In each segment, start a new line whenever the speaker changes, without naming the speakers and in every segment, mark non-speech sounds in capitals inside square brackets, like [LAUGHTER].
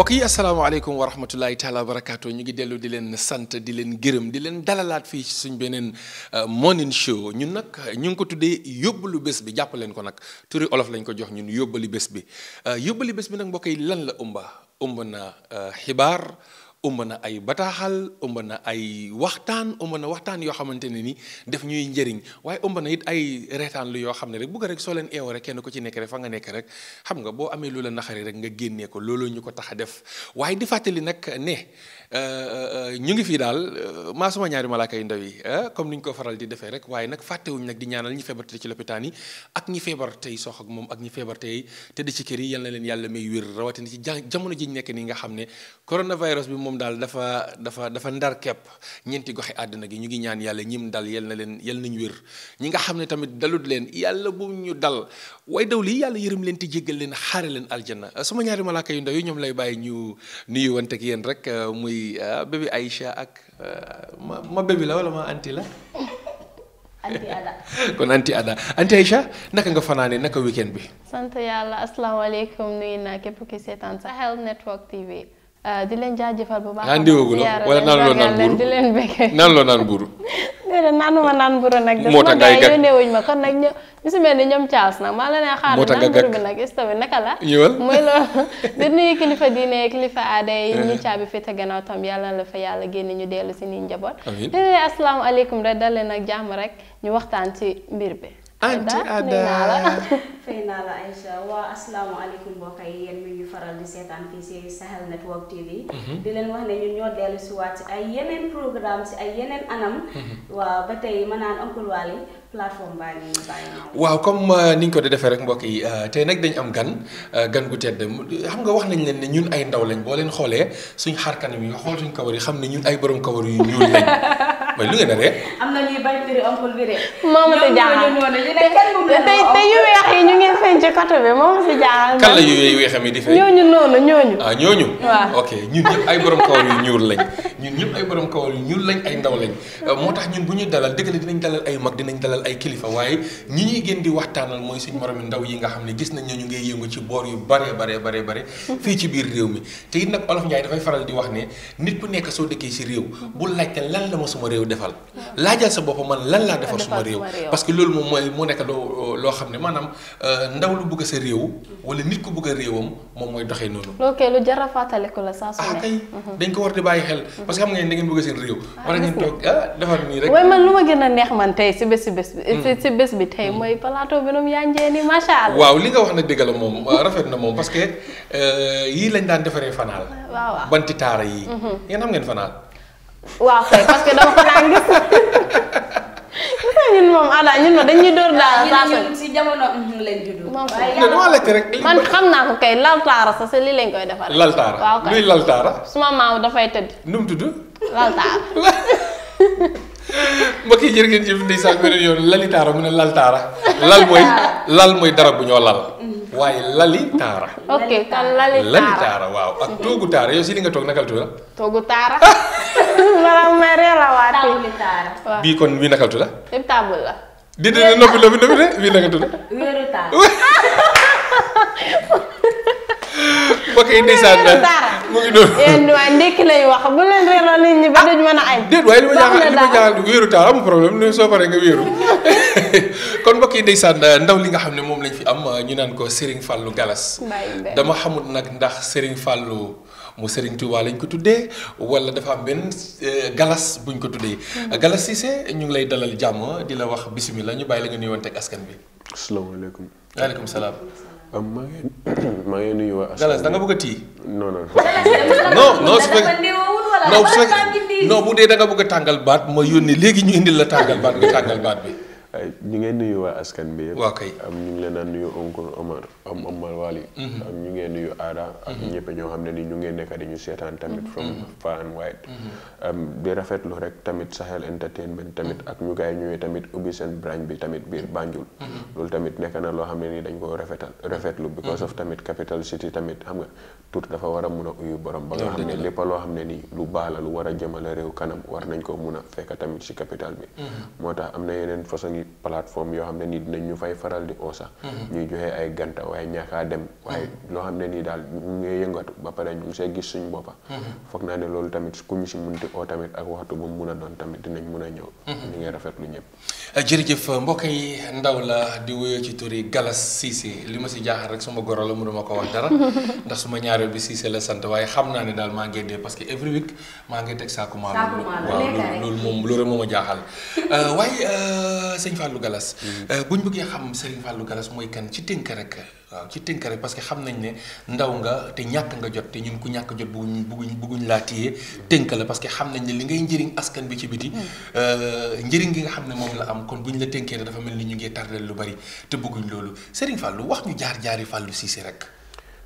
bokk yi asalaamaaleykum wa rahmatulahi taala wa barakaatu ñu ngi dellu di leen sant di leen gërëm di leen dalalaat fii suñ beneen euh, morning show ñun nag ñu ngi ko tuddee yóbbalu bés bi jàpp leen ko nag turi olof lañ ko jox ñun yóbbali bés bi euh, yóbbali bés bi nag mbokk yi lan la ëmba ëmb na euh, xibaar ëmb na ay bataaxal ëmb na ay waxtaan ëmb na waxtaan yoo xamante ne ni def ñuy njëriñ waaye ëmb na it ay reetaan lu yoo xam ne rek bugg rek soo leen eewoo rek kenn ku ci nekk rek fa nga nekk rek xam nga boo amee lu la naxari rek nga génnee ko looloo ñu ko tax a def waaye di fàttali nag ne euh, euh, ñu ngi fii daal euh, maa suma ñaari malaaka yu ndaw yi comme ni ñu ko faral di defee rek waaye nag fàttewuñ nag di ñaanal ñi feebar ci lopitaan yi ak ñi feebar tey sox ak moom ak ñi feebar tey tëdd ci kër yi yal na leen yàlla may wér rawatina ci jamono ji ñu nekk nii nga xam ne mom dal dafa dafa dafa ndar kep ñenti goxe aduna gi ñu ngi ñaan yalla ñim dal yel na len yel nañ wër ñi nga xamne tamit dalut len yalla bu ñu dal way daw li yalla yërëm len ti jéggal len xaare len aljanna sama ñaari malaaka yu ndaw yi ñoom lay bay ñu nuyu wante ak yeen rek euh, muy euh, bébé Aïcha ak euh, ma bébé la wala ma anti la [LAUGHS] anti ada [LAUGHS] kon anti ada anti Aisha? naka nga fanane naka weekend bi
sant yàlla asalaamaaleykum nuyu naa kep ki setan Sahel Network TV Euh, di leen jaajëfal bu baax. Ah, wala naan loo naan buuru di leen bëggee [LAUGHS]
naan loo naan buuru.
nag. moo tax ngay gàtt yónnee wuñ ma kon nag ñoom ñu si mel ni ñoom Thiass nag maa la nag isto bi la. ñëwal mooy [LAUGHS] loolu di aada yi ñu eh. caabi fi te gannaaw la fa yàlla génne ñu dellu si nii njaboot. amiin di nuyu asalaamaaleykum rek dal leen ak jàmm rek ñu waxtaan ci mbir bi. anti ada
Faynala [LAUGHS] Aïcha
waa asalaamaaleykum mbokk yi yéen mi ñu faral di seetaan fii si Sahel Network TV. Mm-hmm. di len wax ne ñun ñoo dellu si waat si ay yeneen programme si ay yeneen anam. Mm-hmm. Wa ba tey manan onkul wali Wally plateforme baa ngi
waaw comme euh, ni ko di rek mbokk yi euh, tey nag dañ am gan euh, gan gu tedd xam nga wax nañ len ne ñun ay ndaw lañ boo leen xoolee suñ xarkan yi nga suñ kawar xam ne ñun ay borom kawari yu ñuul lañ. [LAUGHS] mooy lu ngeen a ree.
am na ñuy bañ firi oncle bi de. moom si jaaxal te yu weex yi ñu ngi feeñ ci côté bi moom si jaaxal.
kan la yu weexam yi di feeñ. ñooñu
noonu ñooñu. ah ñooñu. waaw
ok ñun ñëpp ay borom kawar yu ñuul lañ ñun ñëpp ay borom kawar yu ñuul lañ ay ndaw lañ moo ñun bu ñuy dalal dëgg la dinañ dalal ay mag dinañ dalal ay kilifa waaye ñi ñuy gën di waxtaanal mooy suñu moromi ndaw yi nga xam ne gis nañ ñu ngay yëngu ci boor yu bare bare bare bare fii ci biir réew mi te it nag olof Njaay dafay faral di wax ne nit ku nekk soo dëkkee si réew bu laajte lan la ma suma réew defal laajal sa bopp man lan laa defal suma réew parce que loolu moom mooy euh, doxee noonu
loolu kay lu jar a fàttale ko la saa su ah, ne kay mhm. dañ
ko war di bàyyi xel mhm. parce que xam ngeen da ngeen ah, ah, nii rek waaye man lu
ma gën a neex man tey si bés si bés bi mm. tey mm. mooy plateau bi noom yaa njee ni macha waaw
li nga wax na dëgg la moom euh, rafet na moom parce que euh, yii lañ daan defaree fanaal banti taara yii ngeen mhm. xam ngeen fanaal
waaw kay parce que
dama ko daan gis. [LAUGHS]
ñun moom Ada ñun ma dañuy dóor daal. saa si jamono lañ judd. dama lekk rek. man xam naa ko kay laltaara sax si lii lañ koy defal laltaara waaw kay luy laltaara. suma maam dafay tëdd. nu tudd. laltaara.
[LAUGHS] mbokk yi jërë di jëf ndey sax beneen yoon lalitaara mu ne lal mooy lal mooy dara bu ñoo lal waaye lalitaara.
ok kon lali lalitaara
waaw ak toogu taara yow si li nga toog nakal tudd la.
toogu taara. [LAUGHS] wala may réer a waat. taabu taara
bii kon bii nakal tudd la.
lépp table la.
di de noppi noppi noppi de bii nakal tudd la. wéeru taara. [LAUGHS] [LAUGHS] mbokk ini sànn ya, ah, [LAUGHS] mu ngi noonu yéen
waay ndékki lay wax bu leen reeloo nit ñi ba duñ mën a añ déet waaye li ma jaaxal li
kon mbokk ini ndeysaan ndaw li nga xam ne moom lañ ko Serigne Galas dama xamul nag ndax Serigne Fallou mu Serigne Touba lañ ko tuddé wala dafa am ben eh, galas buñ ko tuddé hmm. Galas Cissé ñu ngi lay dalal jamm di la wax bismillah ñu bay la nga nuyuwante ak askan bi
asalaamaaleykum waaleykum salaam maa ngi [CLEARS THROAT] maa nuyu waa. Galas da nga bëgg a tii. non non. [LAUGHS] non non
su
fekkee non bu
dee da nga bëgg a tàngal baat ma yónni léegi ñu indil la tàngal baat bi tàngal baat
bi. ñu ngeen nuyu waa askan bi yëpp kay am ñu ngi leen a nuyu oncle omar am omar wali mhm. am ñu ngeen nuyu aada ak mhm. ñëpp ñoo xam ne ni ñu ngeen nekk dañu seetaan tamit mhm. from far and wide di rafetlu rek tamit sahel entertainment tamit ak ñu gaay ñëwee tamit ubbi seen branch bi tamit biir banjul loolu tamit nekk na loo xam ne ni dañ koo rafetal rafetlu because of tamit capital city tamit xam nga tur dafa war a mun a uyu borom ba nga xam ne lépp loo xam ne ni lu baax la lu war a jëmale réew kanam war nañ ko mun a fekk tamit si capital bi moo tax am na yeneen façon bëri plateforme yo xamné ni dinañ ñu fay faral di osa mm-hmm. ñuy joxe ay ganta way ñaka dem mm-hmm. way lo xamné ni dal daal ñu yëngatu ba paré ñu sé gis suñu bopa mm-hmm. foog na né loolu tamit ku ñu ci mënti o tamit ak waxtu bu mëna don tamit dinañ mëna a ñëw ñu ngi rafetlu ñëpp
eh, jërëjëf mbokk yi ndaw la di wuyoo ci turi Galas Cissé li ma ci jaax rek suma goro la mënu ma ko wax dara [LAUGHS] ndax suma ñaareel bi Cissé la sante waaye xam naa ne daal maa ngi dee parce que every week ma ngi tek teg saakuma waaw loolu moom loolu moom a jaaxal [LAUGHS] eh, waaye eh, Serigne Fallou Galas euh, buñ bëggé xam Serigne Fallou Galas moy kan ci tënk rek waaw ci tënk rek parce que xam nañ ne ndaw nga té ñak nga jot té ñun ku ñak jot buñ buñ buñ la téye tënk la parce que xam nañ né li ngay askan bi ci biti hmm. euh, njëriñ gi nga xam né mom la am kon buñ la tënkee ne dafa melni ñu ngi tardel lu bari té bëgguñ loolu Serigne Fallou wax ñu jaar jaari Fallou
Cissé rek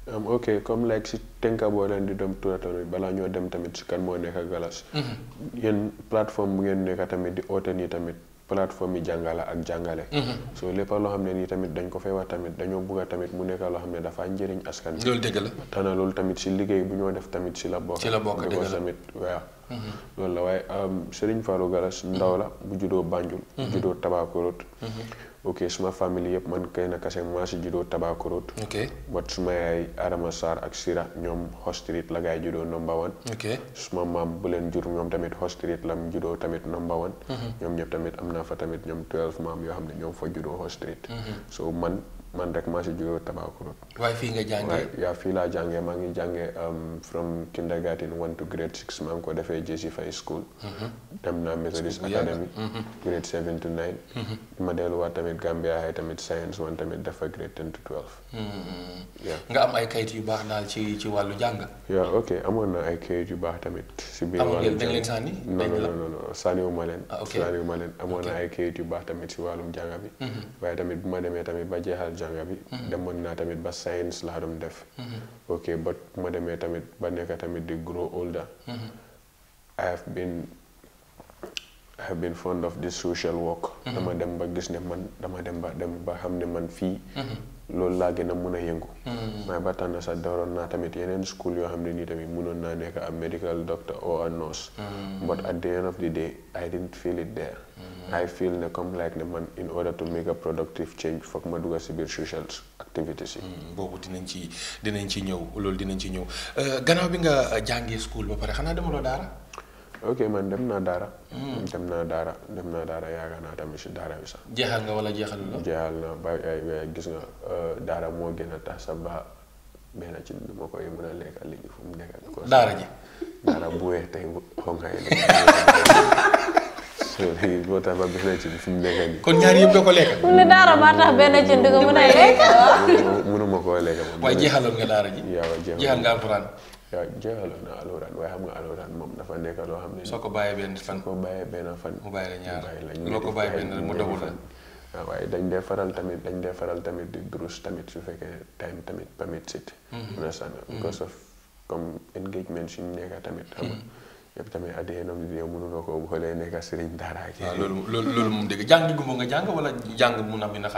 um, ok comme like si tenka bo len di dem tuura tamit bala ñoo dem tamit si kan mo nekk galas
hmm.
Yen platform bu ngeen nekk tamit di oote ni tamit plateforme yi jàngala ak jàngale mhm. so lépp loo xam ne nii tamit dañ ko fay tamit dañoo bugga tamit mu nekk loo xam ne dafaa njëriñ askan si loolu dëgg la tana loolu tamit si liggéey bu ñoo def tamit si la bokk si la bokk dëgg la tamit waaw mhm. loolu la waaye um, Serigne Fallou Galass ndaw la bu juddoo Banjul mhm. juddoo Tabakorot ok suma famille yëpp man kay na kase maa si juddoo Tabakorot. ok but suma yaay Adama Sarr ak Sira ñoom Hostrit la gaay juddoo number one. ok suma maam bu leen jur ñoom tamit Hostrit lam juddoo tamit number one. Mhm. ñoom ñëpp tamit am naa fa tamit ñoom 12 maam yoo xam ne ñoom fa juddoo Hostrit. Mhm. so man. man rek ma si jóge Tabacounda. waaye fii nga jàngee laa jàngee maa ngi jàngee um, from kindergarten one to grade six maa ko defee JC fa school. Mm-hmm. dem na Methodist Academy. Mm-hmm. grade seven to nine. Mm-hmm. ma delluwaat tamit Gambia High tamit science one tamit dafa grade ten to twelve.
Hmm. nga am ay kayit yu baax naa ci ci wàllu jàng.
waaw ok amoon na ay kayit yu baax tamit. si bi wàllu jàng dañ leen sànni. non ah, amoon na ay kayit yu baax tamit si wàllum jàng bi. Hmm. waaye tamit bu ma demee tamit ba jeexal jàng bi. Hmm. demoon naa tamit ba science laa doon def. ok ba bu ma demee tamit ba nekk tamit di grow older. I have been I have been fond of this social work. dama dem ba gis ne man dama dem ba dem ba xam ne man fii. loolu laa gën a mën a yëngu. Hmm. mais ba tax na sax daroon naa tamit yeneen school yoo xam ne nii tamit mënoon naa nekk ab medical doctor or a nurse. Hmm. but at the end of the day I didn't feel it there. Hmm. I feel ne comme like ne man in order to make a productive change foog ma dugg si biir social activities yi. boobu dinañ ci dinañ ci ñëw loolu dinañ ci ñëw
euh, gannaaw bi nga jàngee school ba pare xanaa demaloo daara.
ok man dem naa daara. Hmm. dem naa daara dem naa daara yaakaar naa tamit si daara bi sax. jeexal nga wala jeexalul la. jeexal naa ba ay gis nga euh, daara moo gën a tax sa ba benn ci nu ma koy mën a lekk léegi fu mu nekk. daara ji. daara bu weex tey xaw nga [LAUGHS] boo tax ba benn cin fi mu nekk nii. kon ñaar yëpp doo ko lekk.
mu ne daara maa tax benn cin dugg mën a lekk.
[LAUGHS] mënuma koo lekk. waaye jeexaloon nga daara ji. waaw jeexal nga alxuraan. waaw jeexaloon na alxuraan waaye xam nga alxuraan moom dafa nekk loo xam ne. soo ko bàyyee benn fan. soo ko bàyyee benn fan. mu bàyyi la ñaar loo ko bàyyi benn mu dawul la ah, waaye dañ dee faral tamit dañ dee faral tamit di durus tamit su fekkee time tamit permit sit. Mhm. mun a sànn mhm. because of comme engagement suñu nekka tamit. xam nga mhm. yëpp tamit at the end of the day mënuloo koo boolee nekka sëriñ daara ak. Ah, loolu loolu moom dégg jàng
gu nga jàng wala jàng mun a mën a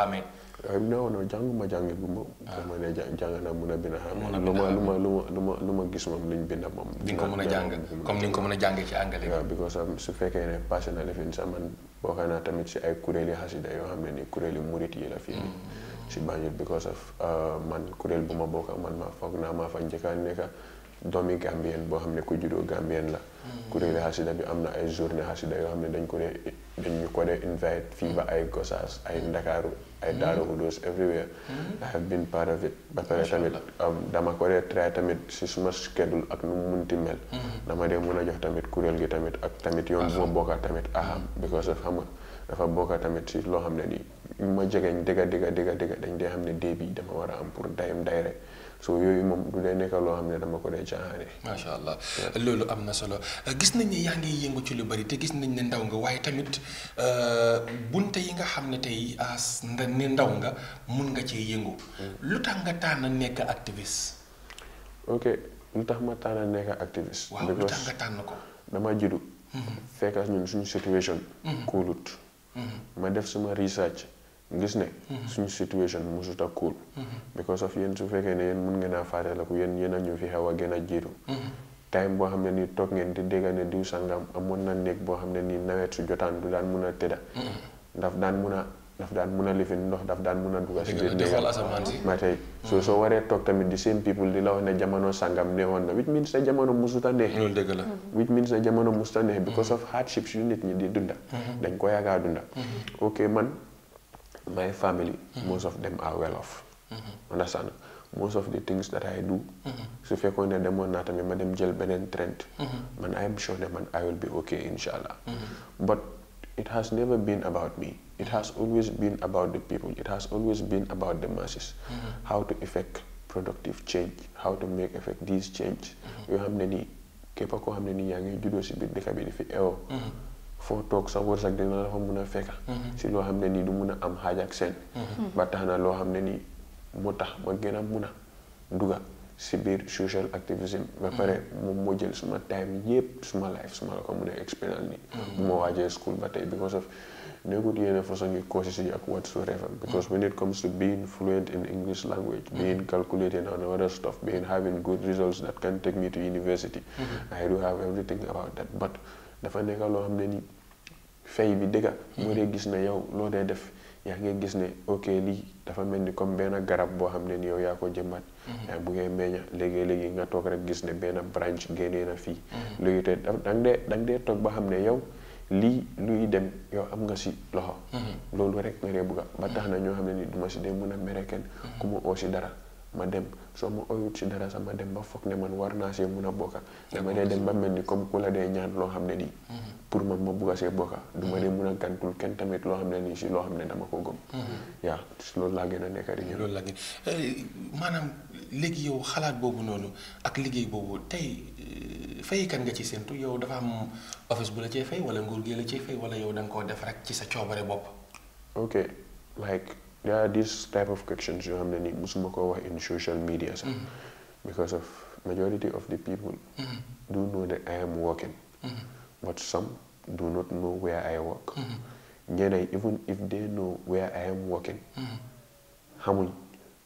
non non jànguma jàngit bu ma. waaw dama ne jàng naa mun a bind xam. lu ma lu ma lu ma lu ma gis moom luñ bind moom. di nga ko mën a jàng comme ni nga ko mën a
jàngee ci anglais. waaw
because su fekkee ne passé na la fi sax man bokk naa tamit si ay kuréeli xasida yoo xam ne nii kuréeli murit yi la fii. Mm. si Banjul because of uh, man kuréel bu ma bokk man maa foog naa maa fa njëkka nekk doomi Gambien boo xam ne ku juddoo Gambien la. Mm. kuréeli xasida bi am na ay journée xasida yoo xam ne dañ ko ko dee invite fii ba ay Gosaas ay mm. Ndakaaru. ay Daaru Xudoos everywhere hmm. I have been part of it ba pare tamit dama ko dee try tamit si suma schedule ak nu mu munti mel hmm. dama dee mun a jox tamit kuréel gi tamit ak tamit yoon bu ma ah. bokka tamit aham hmm. because of xam nga dafa bokka tamit si loo xam ne nii ma jegeñ dëgga dëgga dëgga dëgga dañ dee xam ne dee bi dama war a am pour dayam day so yooyu moom du dee nekk loo xam ne dama ko dee caaxaane. macha allah loolu
am na solo gis nañ ni yaa ngi yëngu ci lu bari te gis nañ ne ndaw nga waaye tamit euh, bunte yi nga xam ne tey as ah, ndaw nga mun nga cee yëngu. Mm. lu tax nga tànn nekk activiste.
ok lu tax ma tànn nekk activiste. waaw lu tax nga tànn ko. dama juddu. Mm-hmm. fekk ñun suñu situation. Mm-hmm. kóolut. Mm-hmm. ma def suma research. gis ne. suñu situation mosut a cool. because of yéen su fekkee ne yéen mun ngeen a fàttaliku yéen yéen a ñu fi xew a gën a jiitu. time boo xam ne nii toog ngeen di dégg ne diw sangam amoon na néeg boo xam ne nii nawet su jotaan du daan mun a tëdda. daf daan mun a daan mun a lifin ndox daf daan mun a dugal si biir néeg ma tey soo mm-hmm. soo waree toog tamit di same people di la wax ne jamono sangam neexoon na which means sa jamono musuta neex. loolu la mm-hmm. which sa jamono musuta neex because mm-hmm. of hardships yu nit ñi di dunda. dañ ko yàgg dunda. ok my family mm-hmm. most of them are well off mm-hmm. understand most of the things that I do mm-hmm. su fekkoon ne demoon naa tamit ma dem jël beneen trend man I am sure ne man I will be okay inshallah but it has never been about me it has always been about the people it has always been about the masses how to effect productive change how to make effect these change yoo xam ne nii képp koo xam ne nii yaa ngi juddoo si biir dëkk bi di fi eewoo foo toog sa wërsëg dina la fa mun a fekka mhm. si loo xam ne nii du mun a am xaaj ak seen mhm. ba tax na loo xam ne nii moo tax ma gën a mun a duga si biir social activism ba pare mhm. moom moo jël suma time yëpp suma life la ko mun a expérience nii bu ma waajee school ba tey because of nekkut yenn façon yi courses yi ak whatsoever because when it comes to being fluent in English language to university I do have everything about that loo xam ne nii fay bi dëgga moo hmm. dee gis ne yow loo dee def yaa ngi gis ne ok lii dafa mel ni comme benn garab boo xam ne ni yow yaa ko jëmbat hmm. yaa buggee meñña léegi-léegi nga toog rek gis ne benn branche génnee na fii hmm. léegi te dang dee dang dee toog ba xam ne yow lii luy dem yow am nga si loxo loolu rek nga dee bugga ba tax na ñoo xam ne ni duma si dee mën a mere kenn ku ma oo si dara ma dem soo ma oyut si dara sama dem ba foog ne man war naa see mun a bokka dama dee dem ba mel ni comme ku la dee ñaan loo xam ne nii mhm. pour man ma bugg a see bokka du mhm. dee mun a gàntul kenn tamit loo xam ne nii si loo xam ne dama ko gëm mhm. yaa loolu laa gën a nekk di loolu laa gën euh, maanaam
léegi yow xalaat boobu noonu ak liggéey boobu tey euh, fay nga ci séntu yow dafa am office bu la cee fay wala nguur gi la cee fay wala yow da koo def rek ci sa coobare bopp
ok like there are these type of questions yoo xam nii musuma koo wax in social media sax. Mm-hmm. because of majority of the people. Mm-hmm. do know that I am working. Mm-hmm. but some do not know where I work. ñeneen even if they know where I am working. xamuñ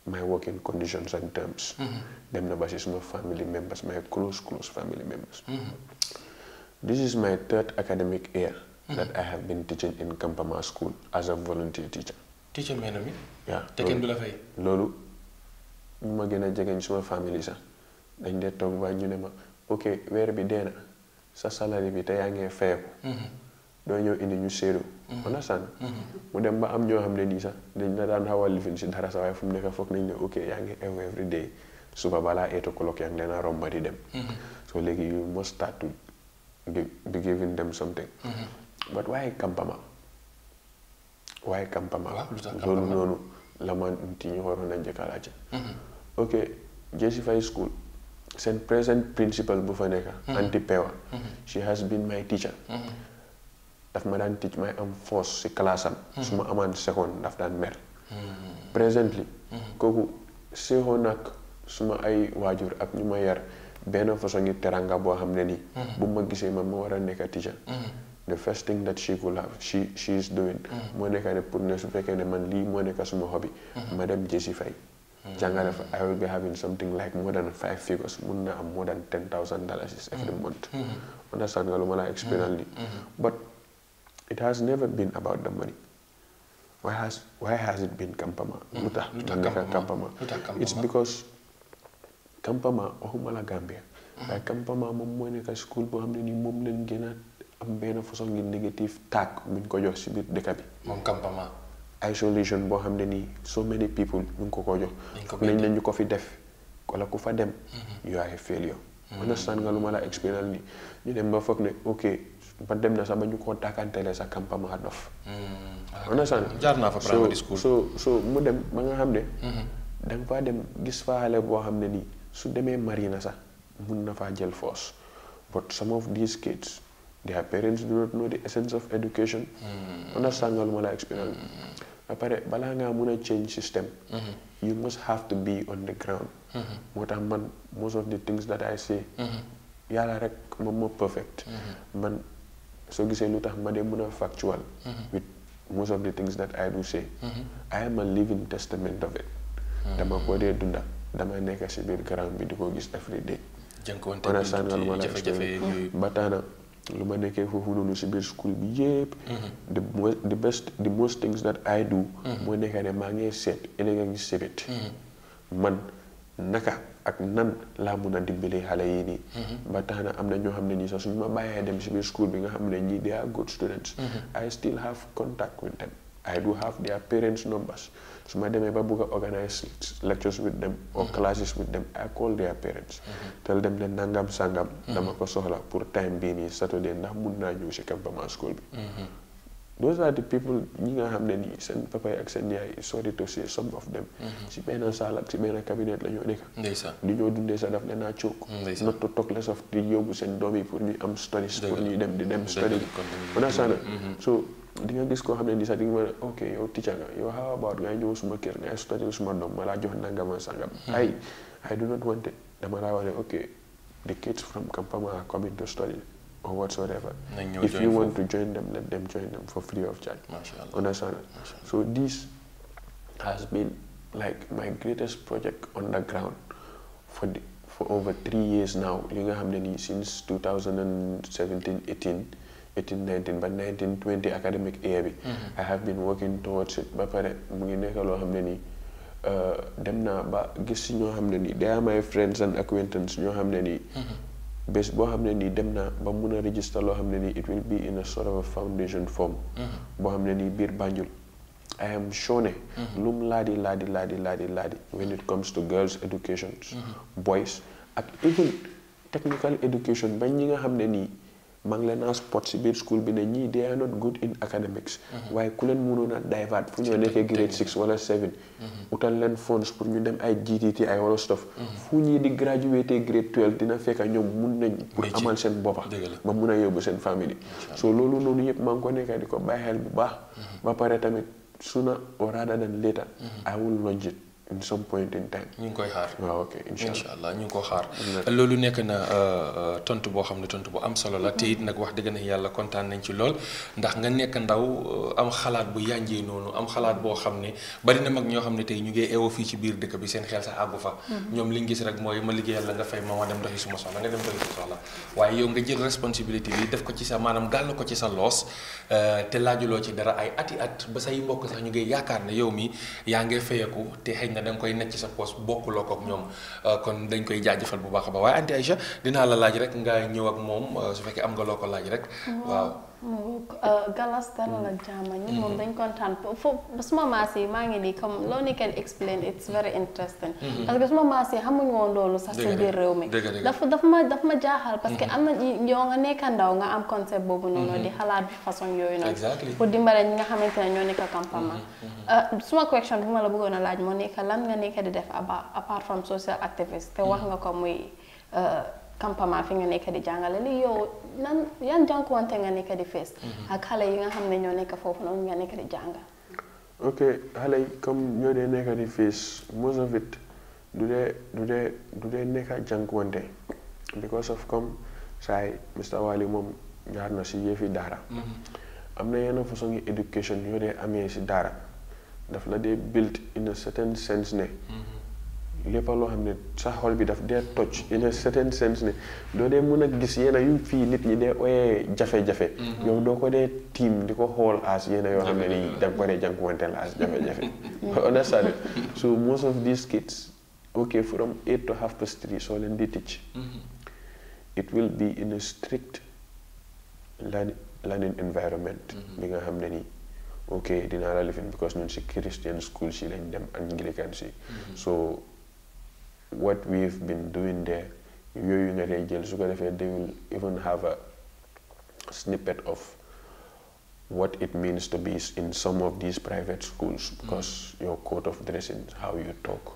my working conditions and terms. dem na ba si suma family members my close close family members. this is my third academic year. that I have been teaching in Kampama school as a volunteer teacher.
teacher meenam yi.
waaw te kenn du loolu ñu gën a jegeñ suma famille sax dañ dee toog ba ñu ne ma ok weer bi dee na sa salari bi te yaa ngee fayeku. Mhm. doo ñëw indi ñu séeru. understand mhm. mhm. mu dem ba am ñoo xam ne nii sax dañ la daan xaw a lifin si dara sax waaye fu mu nekk foog nañ ne ok yaa ngi ew every day suba balaa eight o'clock yaa ngi leen a romb dem. so léegi you must start to be giving them something. but waaye kampama. waaye campement loolu noonu la ma nit ñi waroon a njëkk a laajte mhm. ok Jessie Faye school seen present principal bu fa nekk mhm. anti pewa mhm. she has been my teacher daf ma daan teach may am force si classe am su ma amaan seconde daf daan mer presently kooku seexoon nag su ma ay waajur ak ñu ma yar benn façon ngi teranga boo xam ne nii bu ma gisee ma ma war a nekk teacher the first thing that she could have she is doing. Mm-hmm. moo nekk ne pour ne su fekkee ne man lii moo nekk suma hobby. Mm-hmm. ma dem jësi fay. Mm-hmm. jàngale fa I will be having something like more than five figures mun na am more than ten thousand dollars every month. understand nga lu ma la expérience li. but it has never been about the money. why has it been Kampama. lu tax lu tax Kampama it's because Kampama waxuma la Gambia. waaye Kampama moom moo nekk school a am benn façon ngi négative tag buñ ko jox si biir dëkk bi. moom campement. boo xam ne nii so many people ñu ngi ko ko jox. nañ nañ ñu ko fi def wala ku fa dem. Mhm. you are a failure. Mhm. understand nga lu ma la expliqué nii ñu dem ba foog ne ok ba dem na sax ba ñu koo tàkkantele sa campement dof. Mhm. understand jaar naa fa primary school so so mu dem ba nga xam ne. da nga dem gis fa xale boo xam ne nii su demee marina sax mun na faa jël force but some of these kids. their parents do not know the essence of education. understand hmm. hmm. nga lu ma la explain. ba balaa ngaa mun a change system. Hmm. you must have to be on the ground. moo tax man most of the things that I say. yàlla rek moom moo perfect. man soo gisee lu tax ma dee mun a factual. with most of the things that I do say. I am a living testament of it. dama ko dee dunda damay nekk si biir ground bi di ko gis every day.
jànkuwante bi jafe-jafe yooyu
ba taana lu ma nekkee foofu noonu si biir school bi yëpp. Mhm. the most the best the most things that I do. Mhm. mooy nekkee ne maa ngi seet ëllëg a ngi sebet.
Mhm.
man naka ak nan laa mun a dimbalee xale yi nii. ba tax na am na ñoo xam ne nii sax suñu ma bàyyee dem si biir school bi nga xam ne ñii they are good students. I still have contact with them. I do have their parents' numbers. su ma demee ba bugg a organise lectures with them or mhm. classes with them I call their parents mhm. tel dem ne nangam sangam mhm. dama ko soxla pour time bii nii saturday ndax mun naa ñëw si campement school bi those are the people ñi nga xam ne nii seen papa yi ak seen yaay sorry to say some of them si benn saal si benn cabinet la ñoo nekk li ñoo dundee sa daf leen a cóog not to talk of di yóbbu seen doom yi pour ñuy am studies pour ñuy dem di dem study di nga gis koo xam ne nii sax di nga mën a ok yow ticca nga yow how about ma jox nangam ak sangam. Hmm. ay dama laa wax ne ok the kids from Kampama are coming to study or whatsoever. if you want to li nga xam ne nii since 18 19 ba 19 20 academic year bi. Mm-hmm. I have been working towards it ba pare mu ngi nekk loo xam ne nii uh, dem naa ba gis ñoo xam ne nii they are my friends and acquaintance ñoo xam ne nii. Mm-hmm. bés boo xam ne nii dem naa ba mun a register loo xam ne nii it will be in a sort of a foundation form. Mm-hmm. boo xam ne nii biir Banjul. I am sure ne. lum laadi laadi laadi laadi laadi when it comes to girls education. boys ak even technical education ba ñi nga xam ne nii. maa leen a spot si biir school bi ne ñii they are not good in academics. Mm-hmm. waaye ku leen mënoon a divert fu ñoo nekkee grade six wala seven. Mm-hmm. utal leen fonds pour ñu dem ay GTT ay wala stuff. Mm-hmm. fu ñii di graduate grade twelve dina fekk ñoom mun nañ. pour amal seen boppa ma mun a yóbbu seen famille. so loolu noonu yëpp maa ko nekk di ko bàyyi xel bu baax. ba pare tamit su sooner or rather than later. I will launch it. in some point in time. ñu ngi koy xaar waaw ah, loolu nekk na euh, euh, tontu boo xam ne tontu bu am solo
la te it nag wax dëgg na yàlla kontaan nañ ci lool ndax nga nekk ndaw euh, am xalaat bu yànjee noonu am xalaat boo xam ne bari na mag ñoo xam ne tey ñu ngi eewoo fii ci biir dëkk bi seen xel sax àggu fa. Mm-hmm. ñoom liñ gis rek mooy ma liggéeyal la nga fay ma ma dem doxi suma soxla nga dem doxi su soxla waaye yow nga jël responsabilité bi def ko ci sa maanaam gàll ko ci sa loos te laajuloo ci dara ay ati at ba say mbokk sax ñu ngi yaakaar ne yow mi danga koy nekk ci sa poos bokkuloo ko ak ñoom euh, kon dañ koy jaajëfal bu baax a baax waaye anti Aïcha dinaa la laaj rek nga ñëw ak moom euh, su fekkee am nga loo ko laaj rek oh. waaw
mu uh, Galastan la jaama ñun moom mm-hmm. dañ kontaan foofu suma maas yi maa ngi nii comme loo ni kenn explain it's very interesting mm-hmm. parce que suma maas yi xamuñ woon loolu sax si biir réew mi dafa dafa ma dafa ma jaaxal parce que mm-hmm. am na yow nga nekk ndaw nga am concept boobu noonu di xalaat façon yooyu noonu pour dimbale ñi nga xamante ne ñoo nekk campement uh, suma question bi ma la bëggoon a laaj moo nekk lan nga nekk di def apart from social activist te wax nga ko muy uh, campement fi nga nekk di jàngale li yow nan yan jànkuwante nga nekk di fees. Mhm. ak xale yi nga xam ne ñoo nekk foofu noonu nga nekk di jàngal.
ok xale yi comme ñoo dee nekk di fees most of it du dee du dee du dee nekk jànkuwante because of comme saay Mr Wali moom jaar na si yëfi daara. Mhm. am na yenn façon yi éducation yoo dee amee si daara daf la dee build in a certain sense ne. Mhm. lépp loo xam ne sa xool bi daf dee toj in a certain sense ne doo dee mën a gis yenn yu fii nit ñi dee ooyee jafe-jafe mm-hmm. yow doo ko dee tiim di ko xool as yenn yoo xam ne nii da nga ko dee jànkuwanteel as jafe-jafe mm-hmm. [LAUGHS] so most of these kids ok soo leen di teach mm-hmm. it will be in a strict learning environment bi nga xam ne nii ok dinaa la lifin because ñun si Christian school si lañ dem Anglican si so what we've been doing there your nga lay jël su ko defee they will even have a snippet of what it means to be in some of these private schools mm. because mm. your code of dressing, how you talk,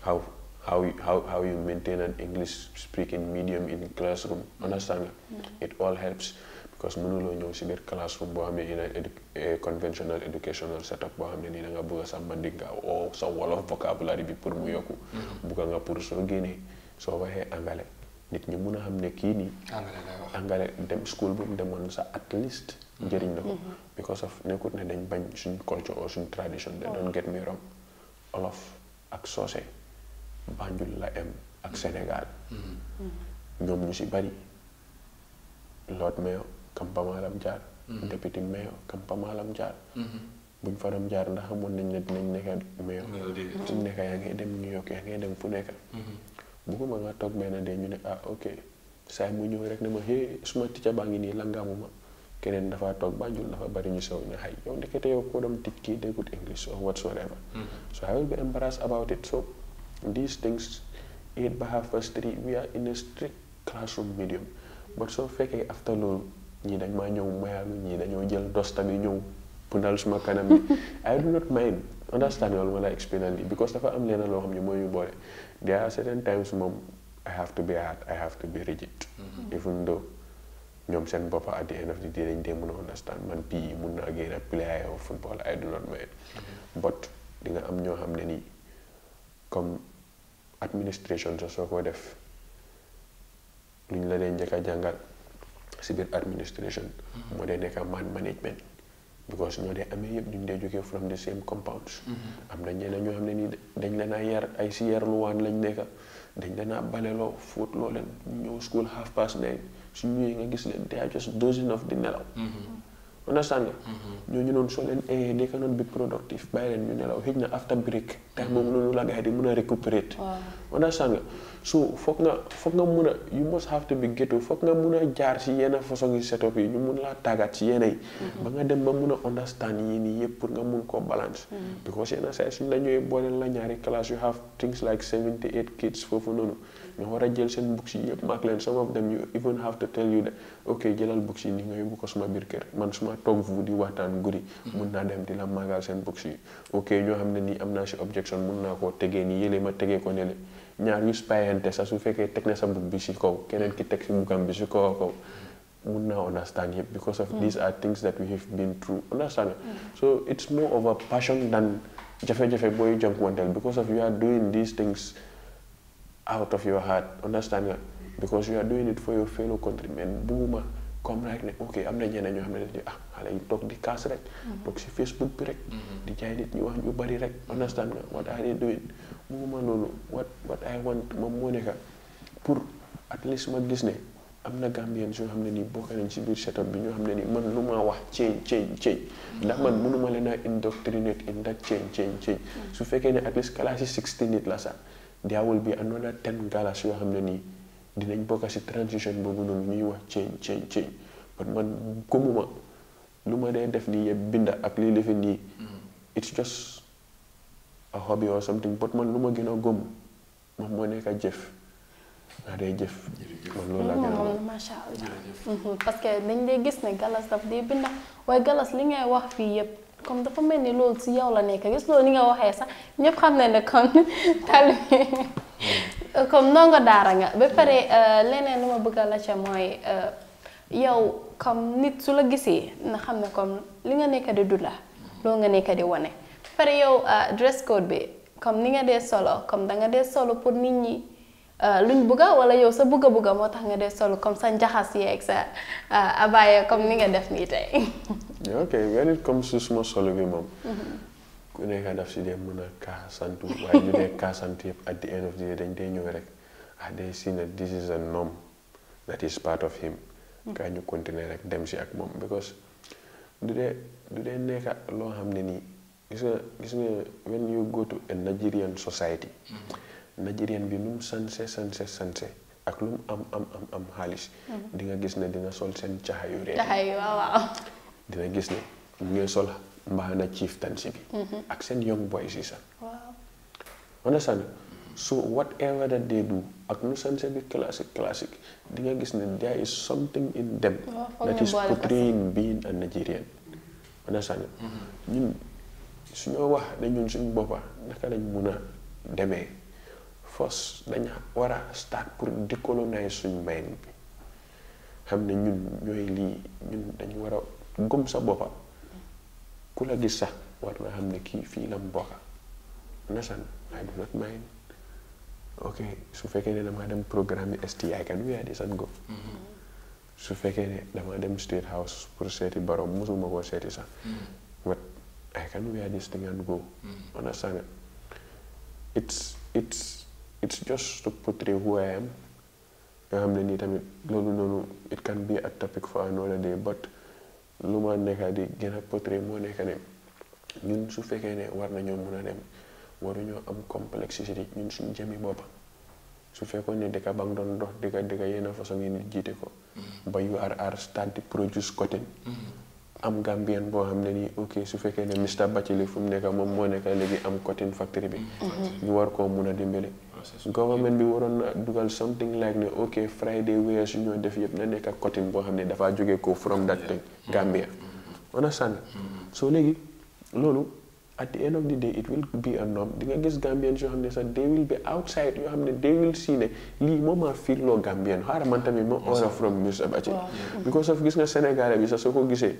how how you, how, how you maintain an English speaking medium in classroom, mm. understand? Mm. It all helps. parce que mënuloo ñëw si biir classroom boo xam ne ina conventional educational setup boo xam ne nii da nga bëgg oh, a sa mandinga o sa wolof vocabulaire bi pour mu yokku ya hmm. bugga nga pour soo génnee soo waxee nit ñi mën a xam ne kii nii dem school bu mu demoon sa at least njëriñ hmm. la hmm. because of nekkut ne dañ bañ suñ culture or suñ tradition de don't get me wrong olof ak soose banjul la em ak sénégal ñoom ñu si bari lord mayor Kampa Maram Jaar. Mm-hmm. député meo Kampa malam jar mm-hmm. buñ fa doon jar ndax xamoon nañ ne dinañ nekk meo su nekk yaa ngay dem New York yaa ngay dem fu nekk. Mm-hmm. bëgguma nga toog benn de ñu ne ah ok saya mu ñëw rek ne ma hee suma ticca baa ngi nii langaamuma keneen dafa toog bànjul dafa bari ñu sew ne xay yow ndekete yow ko dem english or whatsoever so i will be embarrassed about it so these things eight by half past three we are in a strict classroom medium but so fekkee after loolu ñi dañ ma ñëw mayalu ñi dañoo jël dosta bi ñëw pundal suma kanam bi I do not mind understand loolu ma la explainal li because dafa am leneen loo xam ne mooy ñu boole there are certain times moom I have to be hard I have to be rigid
mm-hmm.
even though ñoom seen bopp at the end of the day dañ dee mën a understand man pii mun naa génn a play of football I do not mind mm-hmm. but di nga am ñoo xam ne nii comme administration sa soo ko def luñ la dee njëkk a jàngal si biir administration. moo dee nekk man management. because ñoo dee amee yëpp duñ dee jógee from the same compounds. Mm-hmm. am na ñeneen ñoo xam ne nii dañ leen a yar ay si yar lu waan lañ nekk dañ leen a baleloo fóot loo leen ñëw school half past nine su ñëwee nga gis leen they just dozing off di nelaw. Mm-hmm. understand nga ya? ñu mhm. noonu soo leen eh, aidé ka noonu bi productif bàyyi leen ñu nelaw xëj na after break tax moom noonu la gars di mën a récupérer understand nga ya? so foog nga foog nga mën a you must have to be ghetto foog mhm. nga mën a jaar si yenn façon yi setup yi ñu mën laa tàggat si yenn yi ba nga dem ba mën understand yii nii yëpp pour nga mën koo balance because yenn saa suñ la ñëwee booleel la ñaari classe you have things like seventy eight kids foofu noonu ñoo war a jël seen books yi yëpp maak leen some of them you even have to tell you that ok jëlal books yi ni nga yóbbu ko suma biir kër man suma toog fu di waxtaan guri hmm. mun naa dem di la maagal seen books yi ok ñoo xam ne nii am naa si objection mun naa koo tegee nii yële ma tegee ko nele ñaar yu spayante sa su fekkee teg na sa book bi si kaw keneen ki teg si bookam bi si kaw kaw mun naa understand yëpp because of mm. these are things that we have been through. Understand? Mm. So it's more of a passion than jafe-jafe Boy Junk because of you are doing these things out of your heart understand nga because you are doing it for your fellow countrymen bugguma comme rek ne ok am na ñeneen ñoo ah xale yi toog di kaas rek mhm. toog si facebook bi rek mhm. di jaay nit ñu wax ñu bari rek understand nga what are you doing bugguma loolu what what i want moom moo nekka pour at least ma gis ne am na gambien yoo xam ne nii bokk nañ ci biir setup bi ñoo xam ne man lu wax change change change ndax man mënuma leen a indoctrinate in that change change change su fekkee ne at least classe yi sixteen nit la sax there will be another ten galas yoo xam ne nii dinañ bokk si transition boobu noonu ñuy wax change change change but man gëmuma lu ma dee def nii yëpp binda ak lii lifi nii mm-hmm. it's just a hobby or something but man lu ma gën a gëm moom moo nekk a jëf naa dee jëf man loolu laa gën a loolu mm-hmm.
macha mm-hmm. dañ dee gis ne galas daf dee binda waaye galas li ngay wax fii yëpp comme dafa mel ni loolu si yow la nekk gis loolu ni nga waxee sax ñëpp xam ne ne kon [LAUGHS] tali [LAUGHS] comme ndongo daara nga ba pare euh, leneen lu ma bëgg a la ca mooy euh, yow comme nit su la gisee na xam ne comme li nga nekk di dula loolu nga nekk di wane ba pare yow euh, dress code bi comme ni nga dee solo comme da nga dee solo pour nit ñi. Eh, luñ bëgga wala yow sa buga bëgga motax nga def solo comme sa njaxas yeeg sa abaya comme ni nga def ni tay
ya, ok when it comes to suma solo bi mom mhm. ku nekk def ci dem mën ka kaasantu way ñu ka kaasantu yep at the end of the day dañ day ñëw rek a ah, day see that this is a norm that is part of him mhm. ka ñu continuer rek dem ci ak mom because du dee du dee nekk lo xam ni gis nga gis nga when you go to a Nigerian society mm -hmm. Nigerian bi nu mu sanse sanse sanse ak lu mu am am am xaalis. Mhm. di nga gis ne dina sol seen caxayu réer. caxayu waaw waaw. gis ne ñu ngi sol mbaxana chieftaincy bi.
Mhm.
ak
seen young boys yi sax. waaw. understand so whatever ak nu sanse bi classic di nga gis ne there is something in them. that is portraying being a Nigerian.
Mhm.
wax ne ñun suñu boppa naka lañ mun a demee. fos dañu wara start pour décoloniser suñ mayin bi xam ñun ñoy li ñun dañ wara gum sa bopa ku la gis sax war na san, ki fi lam bokka nasan i do not mind ok su fekkee ne dama dem programme STI I wi adi san go mm -hmm. su fekkee ne dama dem state house pour séti borom musuma koo séti sax wat ay kan wi adi stingan go mm -hmm. a it's it's it's just to portray who I am nga xam ne nii tamit loolu noonu it can be a topic for another day but lu ma nekka di gën potri portray moo nekka ne ñun su fekkee ne war nañoo mun a dem waruñoo am complexité ñun suñ jëmi boppa su fekkoon ne dëkka ba nga doon dox dëkka dëkka yenn façon yi nit jiite ko mm-hmm. ba you are are start di produce cotton mm-hmm. am Gambien boo xam ne nii ok su fekkee ne Mr Bathily fu mu nekka moom moo nekka léegi am cotton factory bi
mm-hmm.
ñu war koo mun a dimbale government bi waroon na dugal something like ne ok Friday wees yu def yëpp na nekk ak cotton boo xam ne dafaa jógee ko from that thing mm-hmm. Gambia mm-hmm. understand mm-hmm. soo léegi loolu at the end of the day it will be a norm di nga gis Gambians yoo xam ne sax they will be outside yoo xam ne they will see ne lii moom maa fiir loo Gambian xaaral man tamit ma order from news about it because of gis nga Sénégalais bi sax soo ko gisee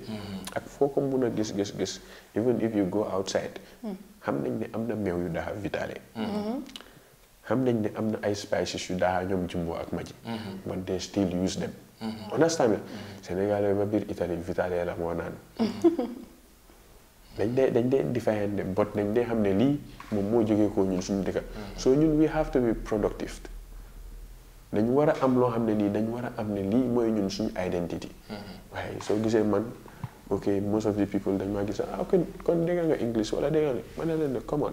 ak foo ko mun a gis gis gis even if you go outside mm. xam nañ am na meew yu daxa vitale xam dañ ne am na ay spices yu daa ñoom Jumbo ak Madji but mhm. they still use them understand mhm. nga mhm. Sénégal ba biir Italie Vitale la moo naan dañ dee dañ dee différent de but dañ dee xam ne lii moom moo jógee koo ñun suñu dëkka so ñun we have to be productive war a am loo xam ne nii dañ war a am ne lii mooy ñun suñ identity waaye soo gisee man ok most of the people dañ maa gis ah kon kon dégg nga English wala dégg nga ma leen ne come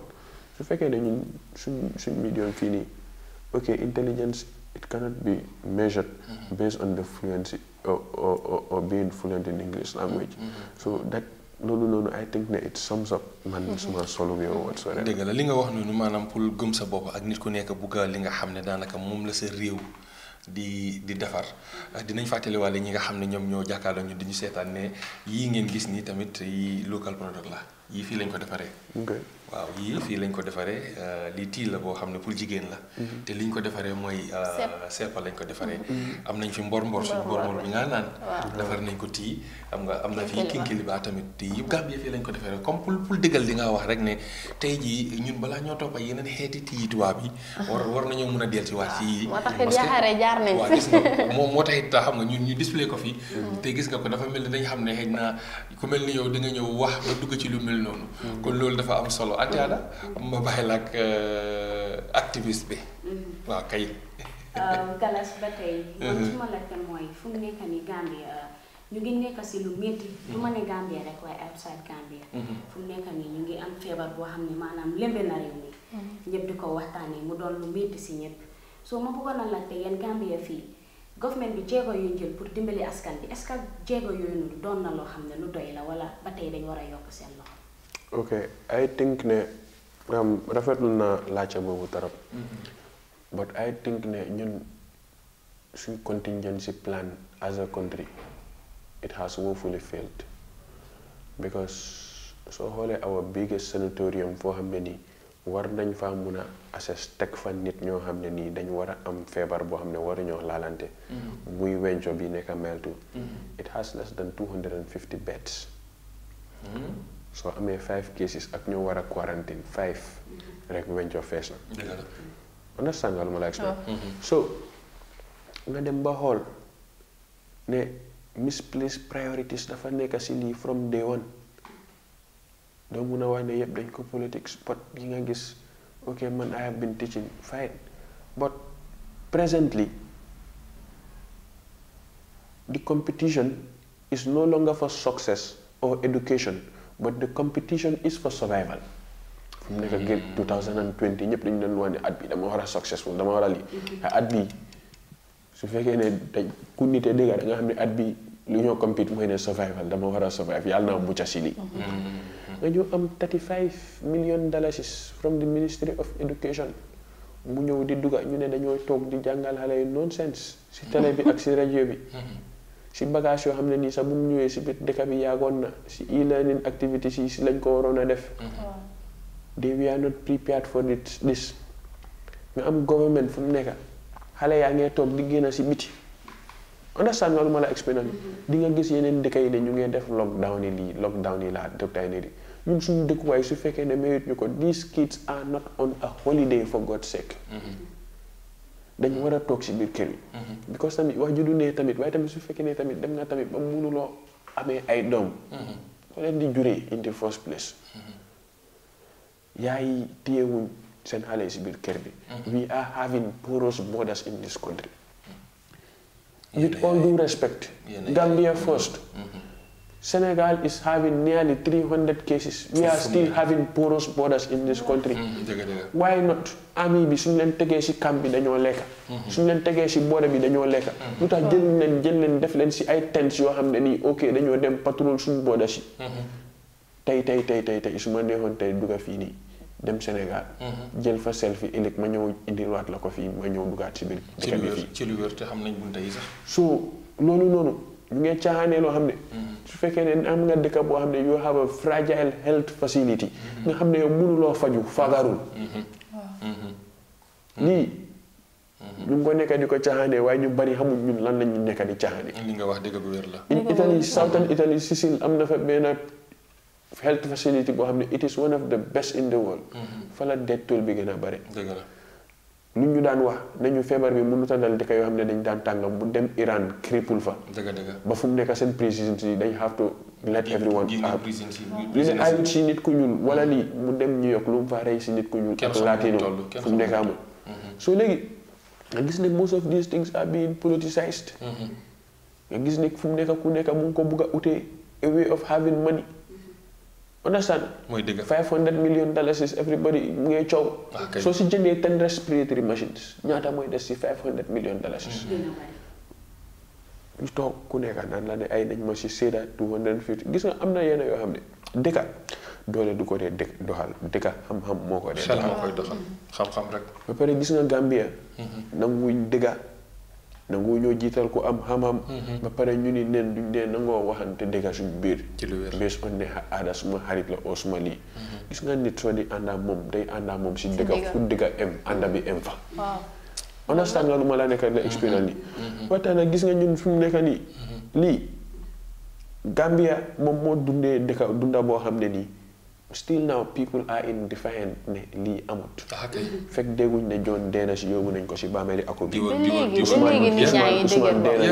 su fekkee ne ñun suñ suñ médium fii nii ok intelligence it cannot be measured mm-hmm. based on the fluency or, or, or, being fluent in English language mm-hmm. so that so that loolu noonu i think ne it sums up man mm-hmm. suma solo yow whatsoever dégg la li nga wax
noonu maanaam pour gëm sa bopp ak nit ku nekk bugg li nga xam ne daanaka moom la sa réew di di defar dinañ fàttaliwaale ñi nga xam ne ñoom ñoo jàkkaaloo ñu diñu seetaan ne yii ngeen gis nii tamit yi local product la yii fii lañ ko defaree ya? waaw yii fii lañ ko defaree eh, lii tiil la boo xam ne pour jigéen la te mhm. liñ ko defaree mooy eh, seppa lañ ko defaree mhm. mhm. am nañ fi mbor mbor suñu mbor mbor bi nga naan defar nañ ko tii am nga am na fi kinkiliba tamit tii yëpp gambie fii lañ ko defaree comme pour pour dëggal li nga wax rek ne tey jii ñun balaa ñoo topp yeneen xeeti tii tubaab yi war war nañoo mën a ci waat moo tax yaxare
jaar nañ waaw gis nga
moo tax it xam nga ñun ñu display ko fi te gis nga ko dafa mel ni dañ xam ne xëy na ku mel ni yow da nga ñëw wax ba dugg ci lu mel noonu kon loolu dafa am solo ada aɗa mba baylak activiste bi
mm-hmm. wa kay eh, galas ba tey man su ma laajte mooy fu mu nekk ni Gambia ñu ngi nekk ci lu metti du ma ne Gambia rek way outside Gambia fu mu ñu ngi am febar bo xamni manam lembe na rew ni ñëpp diko ko mu doon lu metti ci ñëpp so ma bëggoon la laajte yeen Gambia fi government bi jégo yu jël pour dimbali askan bi est ce que jégo yu ñu doon na lo xamne lu doy la wala ba tey dañ wara yok sen loxo
ok I think ne um, rafetlu naa laajte boobu tarap mm -hmm. but I think ne ñun suñ contingency plan as a country it has woefully failed because soo xoolee our biggest sanatorium foo xam ne nii war nañ fa mun a assess teg fa nit ñoo xam ne nii dañ war a am feebar boo xam ne waruñoo laalante
mm-hmm.
muy wenco bi nekk meltu mm-hmm. it has less than two hundred and fifty beds mm-hmm. soo amee five cases ak ñoo war a quarantine five rek wencoo fees na on a sangal ma mm-hmm. so nga dem ba xool ne misplaced priorities dafa nekk si lii from day one doo mun a wax ne dañ ko politics but yi nga gis ok man I have been teaching fine but presently the competition is no longer for success or education but the competition is for survival. fu mu nekk ngir 2020 ñëpp dañu doon wax ne at bi dama war a successful dama war a at bi su fekkee ne dañ ku nite nga xam ne at bi lu ñoo compete mooy ne survival dama war a survive yàlla naa mucca si lii. Mm-hmm. nga ñëw am 35 million dollars from the ministry of education. mu ñëw di dugga ñu ne dañoo toog di jàngal xale yi nonsense si télé bi ak si rajo bi. Mm-hmm. si bagage yoo xam ne nii sax bu mu ñëwee si biir dëkk bi yàggoon na si e-learning activité si si lañ ko waroon a def.
Mm-hmm.
they were not prepared for this nga am government fu mu nekk xale yaa ngee toog di génn si biti. understand loolu ma la expliqué nañu. Mm-hmm. di nga gis yeneen dëkk yi ne ñu ngee def lockdown yi lii lockdown yi laa docteur yi ne di ñun suñu dëkkuwaay su fekkee ne mayut ñu ko these kids are not on a holiday for God's sake. Mm-hmm. dañ wara tok ci bir kër yi. Mhm. because tamit wax ju du né tamit way tamit su fekkee né tamit dem nga tamit ba lo amé ay doom. ko mhm. len di juré in the first place. Mhm. yaay téyewuñ seen xale yi si kër bi. we are having porous borders in this country. with all due respect. Gambia first. Senegal is having nearly 300 cases. we are still having porous borders in this mm-hmm. country. Mm-hmm. why not army bi suñ leen tegee si kam bi dañoo lekk. Mm-hmm. suñ leen tegee si border bi dañoo lekk. lu tax jël leen def leen si ay tents yoo xam ne nii ok dañoo dem patrouille suñ borders yi. tey tey tey su ma neexoon tey dugga fii nii dem Sénégal. jël fa selfie ëllëg ma ñëw indiwaat la ko fii ma ñëw duggaat si biir. dëkk bi fii
ci lu wér te xam nañ bunte yi sax.
so loolu noonu. ñu ngeen caaxaanee loo xam ne su fekkee ne am nga dëkk boo xam ne you have a fragile health facility nga xam ne yow mënuloo faju fagarul
mm-hmm.
lii mm-hmm. ñu ngi ko nekka di ko caaxaanee waaye ñu bari xamul ñun lan lañu nekka di caaxaanee li nga wax dëgg bu wér la Italie southern Italie Sicile am na fa benn health facility boo xam ne it is one of the best in the world mm-hmm. fa la death toll bi gën a bare lu ñu daan wax nañu feebar bi mënut a dal dëkk yoo xam ne dañ daan tàngam bu dem Iran cripple fa. ba fu mu nekk seen prisons yi dañ have to let everyone out. prison ayut si nit ku ñuul wala lii mu dem New York lu mu fa rey si nit ku ñuul. ak latino fu mu nekk amul. Mhm. soo léegi nga gis ne most of these things are being politicized. Mhm. nga gis ne fu mu nekk ku nekk mu ngi ko bugg a utee a way of having money. understand mooy dëgg 500 million dollars is everybody ngay coow ah, soo si jëndee ten respiratory machines ñaata mooy des si 500 million dollars is mm. toog ku nekk naan la ne ay nañ ma si seeda 250 gis nga am na yenn yoo xam ne dëkka doole du ko dee dëkk doxal dëkka xam-xam moo ko dee doxal mm-hmm. xam-xam rek ba pare gis nga Gambia mm-hmm. nanguwuñ dëgga nangu ñoo jiital ku am xam-xam. Mhm. ba pare ñu ni nen duñ dee nangoo waxante dëgg suñ biir. ci lu wér bés on ne aada suma xarit la oo suma lii. Mhm. gis nga nit soo di àndaa moom day àndaa moom si dëgg fu dëgg em ànda bi em fa. understand nga lu ma la nekk la mhm. expérience li. waxtaan nag gis nga ñun fi mu nekk nii. lii Gambia moom moo dundee dëkk dunda boo xam ne nii. still now people are in defiant ne lii amut. Ah, fekk dégguñ ne John Dennis yóbbu nañ ko si bàmmeeli ako bi. ba léegi ba léegi Ousmane Dennis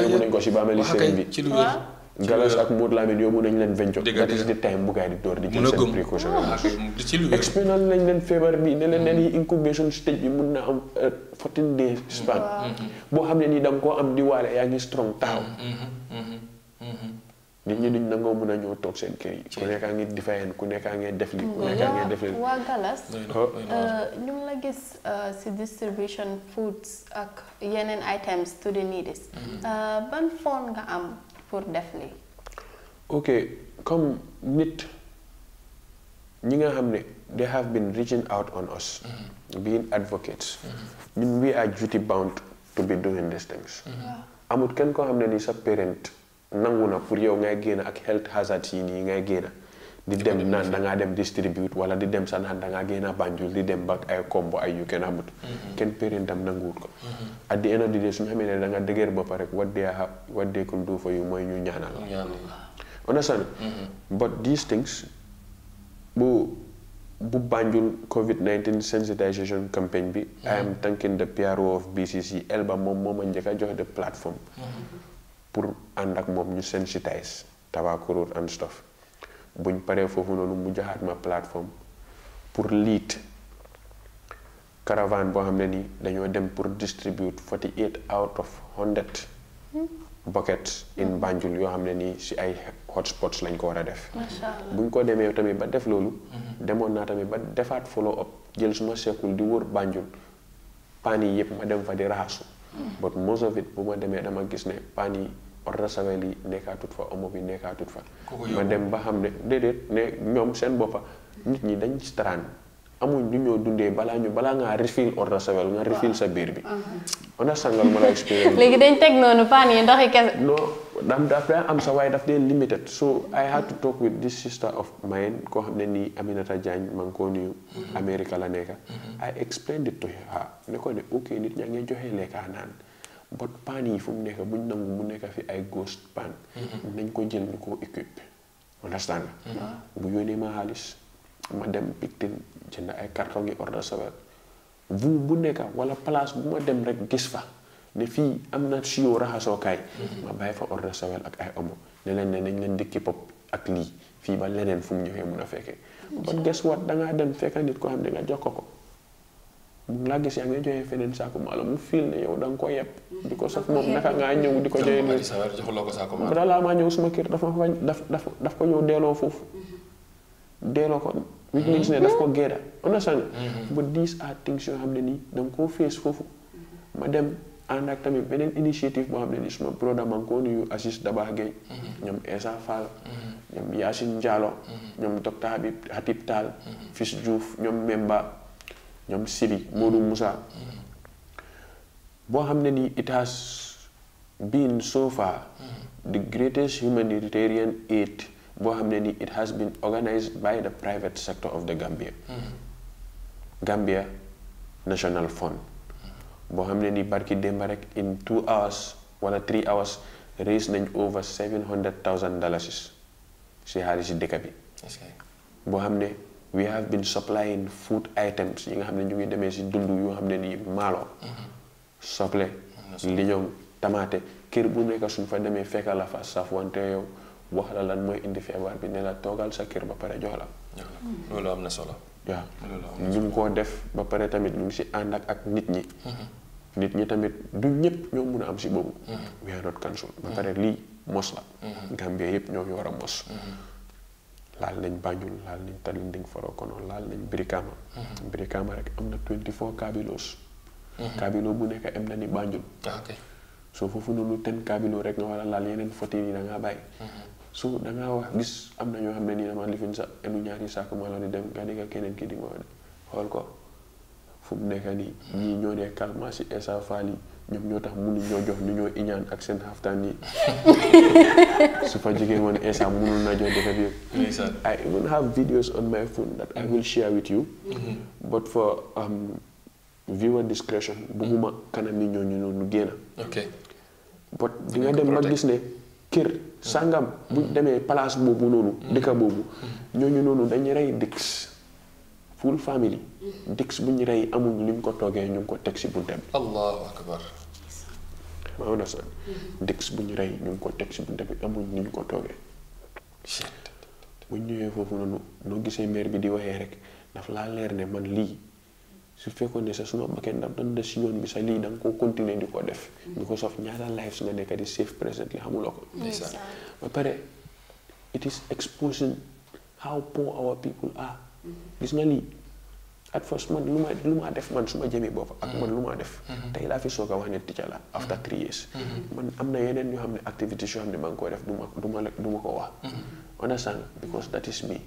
yóbbu nañ ko si bàmmeeli sëriñ bi. Galas ak Modou Lamine yóbbu nañ leen vencoo. dëgg la di time bu gaay di door di jël seen précaution. Ah, expliqué nañ leen feebar bi ne leen leen incubation stage bi mun na am 14 euh, days span. Mm-hmm. boo xam ne nii da nga koo am di waale yaa ngi strong taxaw.
Mm-hmm. Mm-hmm.
nit ñi duñ nangoo mën a ñëw toog seen kër yi ku nekkaa ngi difayeen ku nekkaa ngee def li ku nekkaa ngee def li waa galas oh. euh,
ñu ngi la gis euh, si distribution foods ak yeneen items to the needis mhm. euh, ban phone nga am pour def li
ok comme nit ñi nga xam ne they have been reaching out on us mm -hmm. being advocates mhm. ñun mm -hmm. we are duty bound to be doing these things mhm. amut kenn koo xam ne ni sa parent nangu na pour yow ngay génn ak health hazard yi ngay génn di dem naan da ngaa dem distribute wala di dem sa naan da ngaa génn Banjul di dem ba ay kombo ay yu kenn xamut. Mm-hmm. kenn pérentam nanguwut ko. Mm-hmm. ak the end of the day su ñu ne da nga dëgër ba pare what they have what they could do for you mooy ñu ñaanal. ñaanal understand
mm-hmm.
but these things bu bu Banjul Covid 19 sensitization campaign bi. I am thanking the PRO of BCCL ba moom moom ma njëkk a joxe the platform. pour ànd ak moom ñu sensitize Tabakuroor and stuff buñ paree foofu noonu mu joxaat ma plateforme pour lead caravane boo xam ne nii dañoo dem pour distribute forty eight out of hundred buckets in hmm. bànjul yoo xam ne nii si ay hotspots lañ ko war a def. buñ ko demee tamit ba def loolu. Hmm. demoon naa tamit ba defaat follow up jël suma seekul di wër Banjul paan yi yëpp ma dem fa di raxasu. Hmm. but most of it bu ma demee dama gis ne paan ordre samay li nekka tut fa omo oh, bi nekka tut fa iya, ma dem ba xam ne déedéet ne ñom seen boppa nit ñi dañ ci taraan Amu ñu ñoo dundé bala ñu bala nga refill ordre sawel nga refill sa bir bi ah,
ah.
on a sangal mala expérience [LAUGHS]
dañ tek nonu pan yi ndoxi kess
no dam daf am sa way daf limited so I had to talk with this sister of mine ko xamne ni Aminata jagne maa ko nuyu mhm. America la neka mhm. I explained it to her ne ko ne okay nit ñi nga joxe lekkaa nan but paan yi fu mu nekk buñ nangu mu nekk fi ay ghost paan mm-hmm. nañ ko jël ñu ko équipe understand mm-hmm. bu yónnee ma xaalis ma dem pictin jënd ay carton yi ordre savet bu bu nekk wala place bu ma dem rek gis fa ne fii am na siyoo raxasookaay mm-hmm. ma bàyyi fa ordre savet ak ay omo ne leen ne nañ leen dikki pop ak lii fii ba leneen fu mu ñëwee mun a fekkee but guess what dangaa dem fekka nit koo xam ne nga jox ko ko laa gis yaa ngi joxe feneen saako maalo mu fiil ne yow da ko yeb. di ko saf moom naka ngaa ñëw di ko joxe nii joxuloo ko saako maalo balaa maa ñëw suma kër dafa fa daf daf daf ko ñëw delloo foofu. Mm-hmm. delloo ko. which means ne daf ko géeda understand mm-hmm. ba these are things yoo xam ne nii dama koo fees foofu. Mm-hmm. ma dem ànd ak tamit beneen initiative boo xam ne nii suma broda maa ngi ko nuyu Assis Dabakh ñoom Essa Fall. ñoom Yacine Diallo. ñoom docteur Habib Hatib Tall. Fils Diouf ñoom Memba. ñoom Siri Modou mm-hmm. Moussa mm-hmm. boo xam ne ni it has been so far mm-hmm. the greatest humanitarian aid boo xam ne ni it has been organized by the private sector of the Gambia Gambia National Fund boo xam ne ni barki démba rek in two hours wala three hours raise nañ over seven hundred thousand dollars si xaalis si dëkk bi boo xam ne we have been supplying food items yi nga xamne ñu ngi démé ci dundu yu nga xam ne nii maalo soble lijom tamaate kër bu nekk suñ fa démé fekka la fa saf wante yow wax la lan moy indi feebar bi ne la sa kër ba paré jox la loolu solo waaw ñu ko def ba paré tamit ñu ci si ak ak nit ñi mhm. nit ñi tamit du ñepp ñoo mëna am ci bobu mhm. we are not cancel ba mhm. paré li mosla la gambie yëpp ñoo ngi war mos laal nañ Banjul laal nañ Tandinding Farakono laal nañ Brikama. Mhm. Brikama rek am na 24 kabilos. Mhm. kabilo bu nekk am na ni Banjul. Ah, so foofu noonu ten kabilo rek nga war a laal yeneen foti yi da bàyyi. Mhm. so da ngaa wax gis am na ñoo xam ne nii dama lifin sa enu ñaari saako ma la di dem nga nekk keneen kii di ma xool ko fu mu nekk nii. ñii ñoo dee kalma si Essa Faal ñoom ñoo tax mënu ñoo jox lu ñoo iñaan ak seen xaftaan yi [LAUGHS] su fa jigéen woon instant mënul naa jox defar I even have videos on my phone that I will share with you mm-hmm. but for um, viewer discretion bugguma mm-hmm. kanam yi ñooñu noonu génn but di nga dem ba gis ne kër sàngam bu mm-hmm. demee place boobu noonu dëkka boobu ñooñu noonu dañu rey dicks full family dix bu ñu rey amul ni ko toogee ñu ngi ko teg si buntam. allahu akbar. maa ngi understand. dix bu ñu rey ñu ko teg si buntam amul ni ko toogee. bu ñu ñëwee foofu noonu noo gisee maire bi di waxee rek daf laa leer ne man lii su fekkoon ne sa suma bakkan daf doon des si yoon bi sa lii da koo ko continuer di ko def. because of ñaata lives nga nekk di safe present li xamuloo ko. ba pare it is exposing how poor our people are. gis nga lii at first man lu ma lu maa def man su ma jëmee ak man lu ma def mm-hmm. tey laa fi soog a wax ne ticca la after three years mm-hmm. man am na yeneen yoo xam ne activités yoo xam ne maa ngi koy def du ma du ma du ma ko wax
mm-hmm.
understand because that is me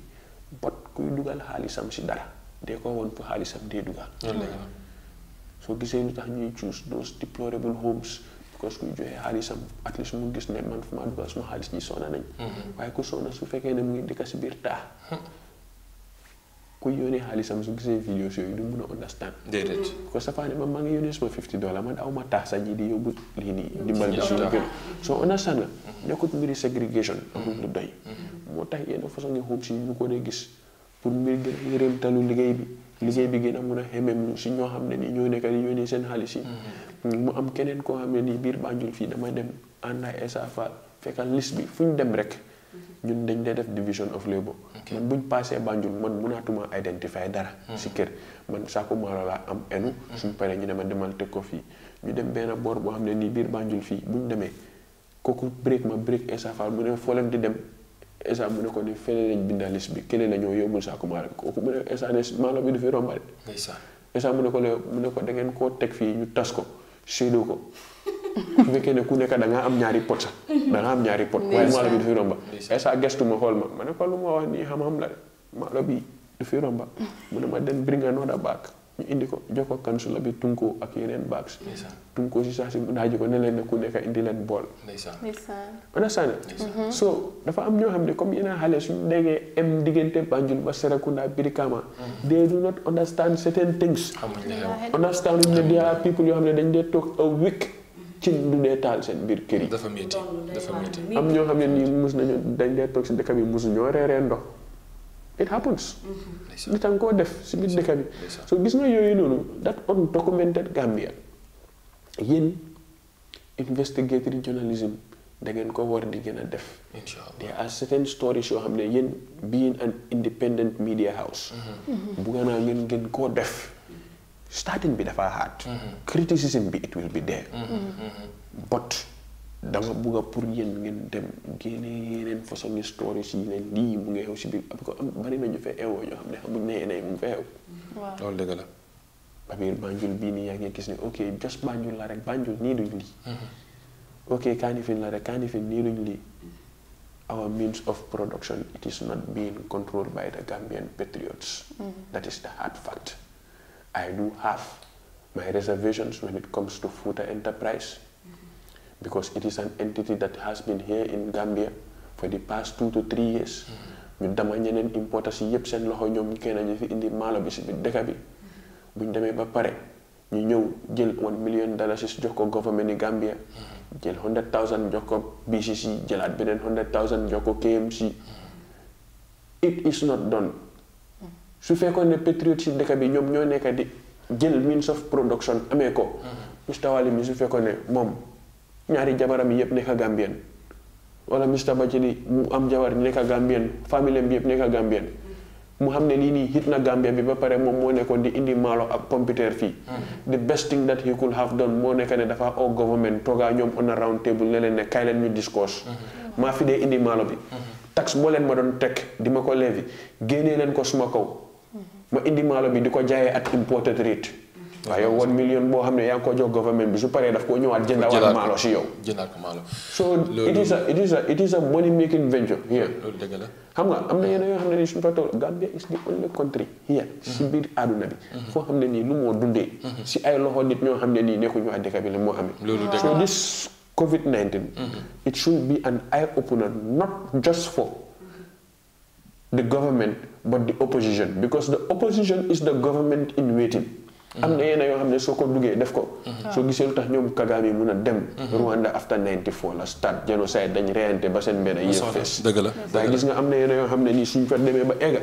but kuy dugal xaalisam si dara dee ko woon pour xaalisam dee dugal soo gisee lu tax ñuy choose those deplorable homes because kuy joxe xaalisam at least mu gis ne man fu ma dugal suma xaalis ñi sona nañ waaye ku sona su fekkee ne mu [LAUGHS] ku yónnee xaalisam su gisee vidéos yooyu du mun a understand. déedéet ko safaani man maa ngi yónnee suma 50 dollars man aw ma taasa ji di yóbbu lii nii dimbal bi suñu ko dee gis pour mbir gën a yërëmtalu liggéey bi liggéey bi gën a mun a xemem si ñoo xam ne nii ñoo nekk di yónnee seen xaalis yi mm-hmm. mu am keneen koo xam ne nii biir Banjul fii dama dem ànd ak Essa fekkal liste bi fu ñu dem rek ñun dañ dee def division of labour man buñ passé Banjul man mënaatuma identifier dara hmm. si kër man saaku maalo laa am enu hmm. suñ paree ñu ne ma demal teg ko fii ñu dem benn boor boo xam ne nii biir Banjul fii buñ demee kooku break ma break Essa mu ne foo di dem Essa mu ne ko ni fële lañ binda liste bi kële la ñoo yóbbul saaku maalo bi kooku mu ne ko le ne ko da ngeen koo teg fii ñu tas ko séedoo ko bu fekkee ne ku nekk da ngaa am ñaari pot sax da ngaa am ñaari pot waaye iya, maalo bi du fi romba ay sa gestu ma xool ma ma ne ko lu ma wax nii xam-xam la de maalo bi du romba mu ne ma den bring another bag ñu indi ko jox ko kansula bi tunkoo ak yeneen bags iya, tunkoo si saa si daaji ko ne leen ne ku nekk indi leen bool understand so dafa am ñoo xam ne comme yeneen xale suñu déggee m diggante Banjul ba Serekunda Birikama mhm. they do not understand certain things understand ne there are people yoo xam ne dañ dee toog a week ci du dee taal seen biir kër yi. dafa
am ñoo xam ne
nii mus nañu dañ dee toog si dëkk bi mosu ñoo reeree ndox. it happens. nit a koo def si biir dëkk bi. so gis nga yooyu noonu that undocumented Gambia. yéen investigative journalism da ngeen ko war di gën a def. incha allah there are certain stories yoo xam ne yéen being an independent media house. Mm-hmm. bugga naa ngeen gën koo def. starting bi dafa hard. criticism bi it will be there. but dama bugg pour yéen ngeen dem génne yeneen façon ni stories yi ne lii mu ngi xew si biir bari na fee eewoo ñoo xam ne xamuñ ne yéen mu ngi fee xew. waaw loolu dëgg la. Babir Banjul bii nii yaa ngi gis ne ok just Banjul la rek Banjul nii duñ lii. Mhm. ok Kanifing la rek Kanifing nii duñ lii. our means of production, it is not being controlled by the Gambian patriots. Mhm. That is the hard fact. I do have my reservations when it comes to Futa Enterprise because it is an entity that has been here in Gambia for the past two to three years. ñu dama ñeneen importation yépp seen loxo ñoom kenn ñu fi indi maalo bi si bi dëkk bi buñ demee ba pare ñu ñëw jël one million dollars jox ko government ni Gambia jël hundred thousand jox ko BCC jëlaat beneen hundred thousand jox ko KMC it is not done su fekkoon ne patriote si dëkk bi ñoom ñoo nekk di jël means of production amee ko. Mr mhm. Wally mi su fekkoon ne moom ñaari jabaram yëpp nekk Gambien wala Mr Badjili mu am jabar nekk Gambien famille bi yëpp nekk Gambien. mu xam ne nii nii hit na Gambia bi ba pare moom moo nekkoon di indi maalo ak pompiteer fii. Mhm. the best thing that he could have done moo nekk ne dafa au government toogaa ñoom on a round table ne leen ne kaay leen ñu discourse. Mhm. maa fi dee indi maalo bi. tax boo leen ma doon teg di ma ko levi génnee leen ko suma kaw. ma indi maalo bi di ko jaayee at imported rate mm-hmm. waaw yow one million boo xam ne yaa ngi ko jox government bi su paree daf koo ñëwaat jëndawaat maalo si yow it is a it is a it is a money making venture here loolu dëgg la xam nga am na yeneen yoo xam ne nii suñu fa tool Gambia is the only country here mm-hmm. si biir àdduna bi mm-hmm. foo xam ne nii lu moo dundee si ay loxo nit ñoo xam ne nii nekkuñu waa dëkk bi la moo amee so this COVID-19 it should be an eye na not just foo the government but the opposition because the opposition is the government in waiting. Mm-hmm. am na yenn yoo xam ne soo ko duggee def ko. Mm-hmm. soo gisee lu tax ñoom Kagame mun a dem. Mm-hmm. Rwanda after 94 la start génocide dañ reyante ba seen mbedd yëf fees. dëgg la waaye gis nga am na yenn yoo xam ne nii suñ fa demee ba egga.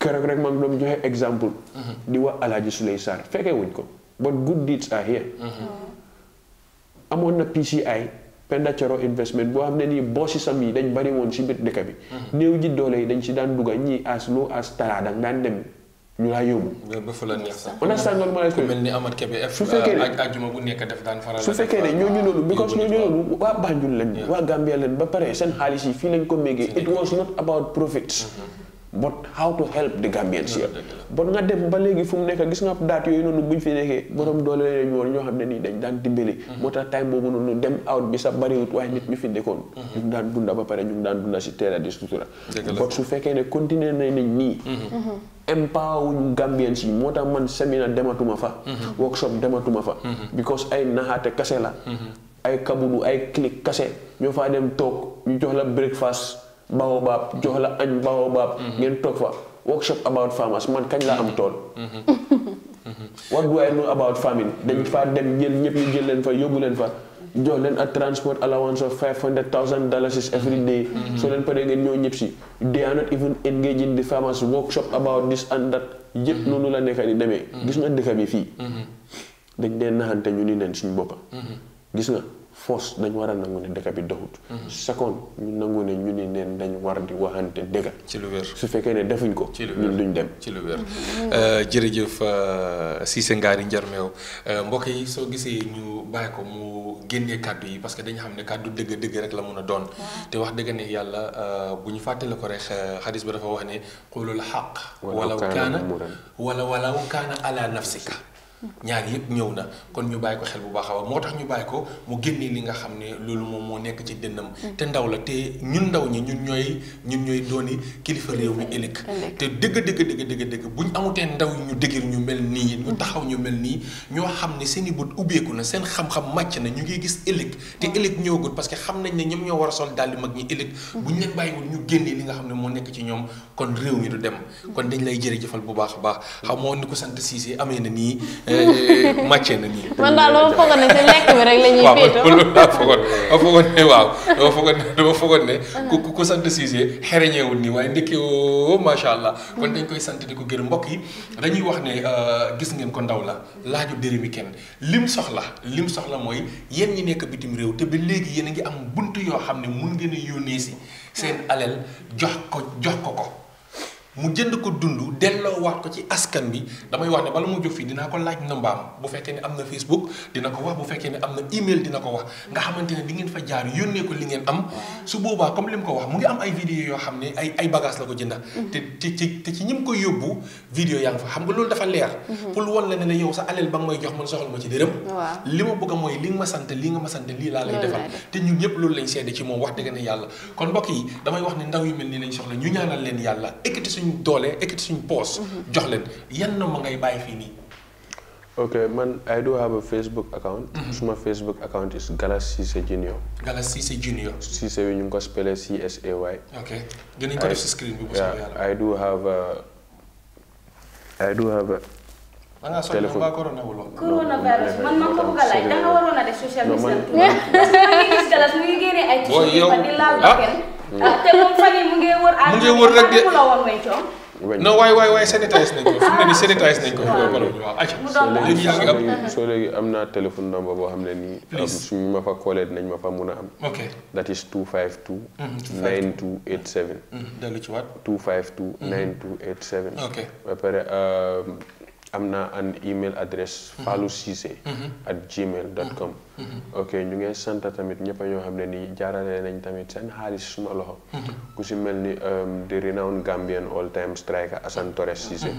keroog rek man doom joxe exemple. di wax Alaaji Suley Sarr fekkee wuñ ko but good deeds are here. amoon na PCI. Penda Thioro investment boo xam ne nii boosi sam yi dañ bari woon si biir dëkk bi. néew ji doole yi dañ si daan dugg ñii as loo as talaa da daan dem ñu laa yóbbu. ba fa la
ma ku mel ni su fekkee ne ah, nekk def daan faral su fekkee ne ñooñu
noonu. because ñooñu noonu waa Banjul lañ. waa Gambia lañ ba pare seen xaalis yi fii lañ ko méngee. it was not about profit. Mm-hmm. but how to help the Gambians ah, here but nga dem ba léegi fu mu nekk gis nga daat yooyu noonu buñ fi nekkee borom doole lañ woon ñoo xam ne nii dañ daan dimbali mm-hmm. moo tax time boobu noonu dem out bi sax bariwut waaye nit ñi fi nekkoon mm-hmm. ñu ngi daan dunda ba pare ñu ngi daan dunda si teera di sutura but su fekkee ne continuer nañ nañ nii
mm-hmm.
empower wuñ Gambians yi moo tax man séminaire dematuma fa workshop dematuma fa because ay naxaate kase la ay kabudu ay clique kase ñoo faa dem toog ñu jox la breakfast baobab jox la añ baobab. Mhm. ngeen toog fa workshop about farmers man kañ laa am tool. Mhm. [LAUGHS] what do I know about farming dañ faa dem jël ñëpp ñu jël leen fa yóbbu leen fa. jox leen a transport allowance of five hundred thousand dollars every day. Mhm. soo leen paree ngeen ñëw ñëpp si. they are not even engaged in the workshop about this and that. noonu la nekka di demee. gis nga dëkk bi fii. dañ dee naxante ñu ni neen suñu boppa gis nga. force dañ war a nangu ne dëkk bi doxut. Mhm. seconde ñu nangu ne ñu ni neen dañ war di waxante dëgg. ci lu wér su fekkee ne defuñ ko. ci
lu ñu dem ci lu wér. Mhm. Euh, jërëjëf euh, Cissé Ngari Njarmeew euh, mbokk yi soo gisee ñu bàyyi ko mu génnee kàddu yi parce que dañu xam ne kàddu dëgg dëgg rek la mën a doon. te wax dëgg ne yàlla bu ñu fàttali ko rek xadis bi dafa wax ne. qulul xaq. walaw kaana wala walaw kaana ala nafsika ñaar yëpp ñëw na kon ñu bàyyi ko xel bu baax a moo tax ñu bàyyi ko mu génnee li nga xam ne loolu moom moo nekk ci dënnam mm. te ndaw la te ñun ndaw ñi ñun ñooy ñun ñooy dooni kilifa réew mi ëllëg te dëgg dëgg dëgg dëgg dëgg buñ amutee ndaw ñu dëgër ñu mel nii ñu mm. taxaw ñu mel nii ñoo xam ne seen i bët na seen xam-xam na ñu ngi gis ëllëg te mm. ëllëg ñëwagul parce que xam nañ ne ñoom ñoo war sol daal di mag ñi ëllëg buñ leen bàyyiwul ñu génnee li nga xam ne moo nekk ci ñoom kon réew mi du dem kon dañ lay jëfal bu baax a baax xam moo ni ko sant Cissé amee na nii màcce na nii. man
daal dama foogoon ne si lekk bi rek la ñuy féetoo
waaw loolu laa foogoon dama foogoon ne waaw dama foogoon ne dama foogoon ne ku ku sant Cissé xereñeewul nii waaye ndekkee woo oh, oh, macha allah. kon ah. dañ koy sant di ko gërëm mbokk yi dañuy wax ne euh, gis ngeen ko ndaw la laaju bi kenn lim soxla lim soxla mooy yéen ñi nekk bitim réew te ba léegi yéen a ngi am bunt yoo xam ne mun ngeen a yónnee si seen alal jox ko jox ko ko. mu jënd ko dund delloo waat ko ci askan bi damay wax ne bala mu jóg fii dinaa ko laaj nambaam bu fekkee na Facebook ko wax bu fekkee ne am na email dina ko wax nga xamante ne di ngeen fa jaar yónnee ko li ngeen am su li ne ay ay bagage la ko jënda te te ci te ne ne yow sa alal ba nga may jox man soxla ma ci dërëm li ma bëgg a mooy li nga ma sant li nga ma sant lii laa lay defal te ñun ñëpp loolu lañ seede ci moom wax dëgg yàlla kon mbokk yi damay wax ne ndaw yu mel nii lañ soxla ñu ñaanal leen yàlla suñ doole ekati suñ poos mhm. jox leen yan ma ngay
man, I do have a Facebook account. Mm Facebook account is Galas Cisse Junior. Galas Cisse Junior. Cisse, we C S A Y. Okay. Then you can screen I do have a. I do have a. Telefon. Coronavirus. Man, ah, man, kau bukan lain. Dah
social media. [LAUGHS] Galas yo. Mm. Ah, te moom fan yii mu ngi wër. mu ngi wër rek de mu la woon may ne nii
ah. soo
léegi am naa téléphone number boo xam ne nii. suñu ma fa koolee nañ ma fa mun a am. ok that is 252. 9287. Mm-hmm, mm-hmm, dellu ci waat. 252. 9287. Mm-hmm. ok ba um, am na an email adresse mhm. faalu siise mhm. at gmail dot com mhm. ok ñu ngi sant tamit ñëpp ñoo xam ne nii jaarale nañ tamit seen xaalis suma loxo ku si mel ni the um, renowned Gambian all time striker Assane Torres Cissé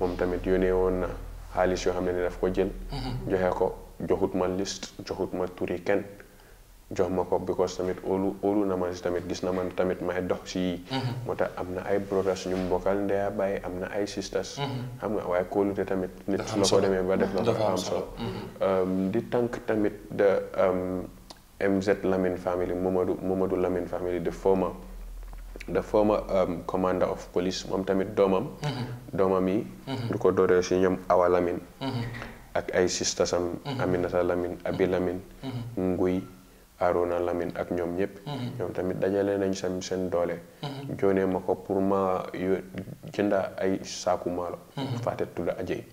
moom tamit yónnee woon na xaalis yoo xam ne ni daf ko jël joxe ko joxut ma liste joxut ma turi kenn jox ma ko because tamit olu olu na ma tamit gis mm-hmm. na man tamit may dox ci moo amna ay brothers ñu mbokal ndeya bay amna ay sisters xam nga lu kóolute tamit nit su la ko ba def la am so solo di tank tamit de MZ Lamin family Momadou Momadou Lamin family the former the former um, commander of police mom tamit domam mm-hmm. domam yi mm-hmm. du ko dooree si ñoom Awa Lamin ak ay sisters am Aminata lamine Abi Lamin Nguy Arona Lamine ak ñoom ñëpp. Mm-hmm. ñoom tamit dajale nañ seen seen doole. Mm-hmm. joonee ma ko pour ma jënda ay saaku maalo. Mm-hmm. fàtte tudd ajay.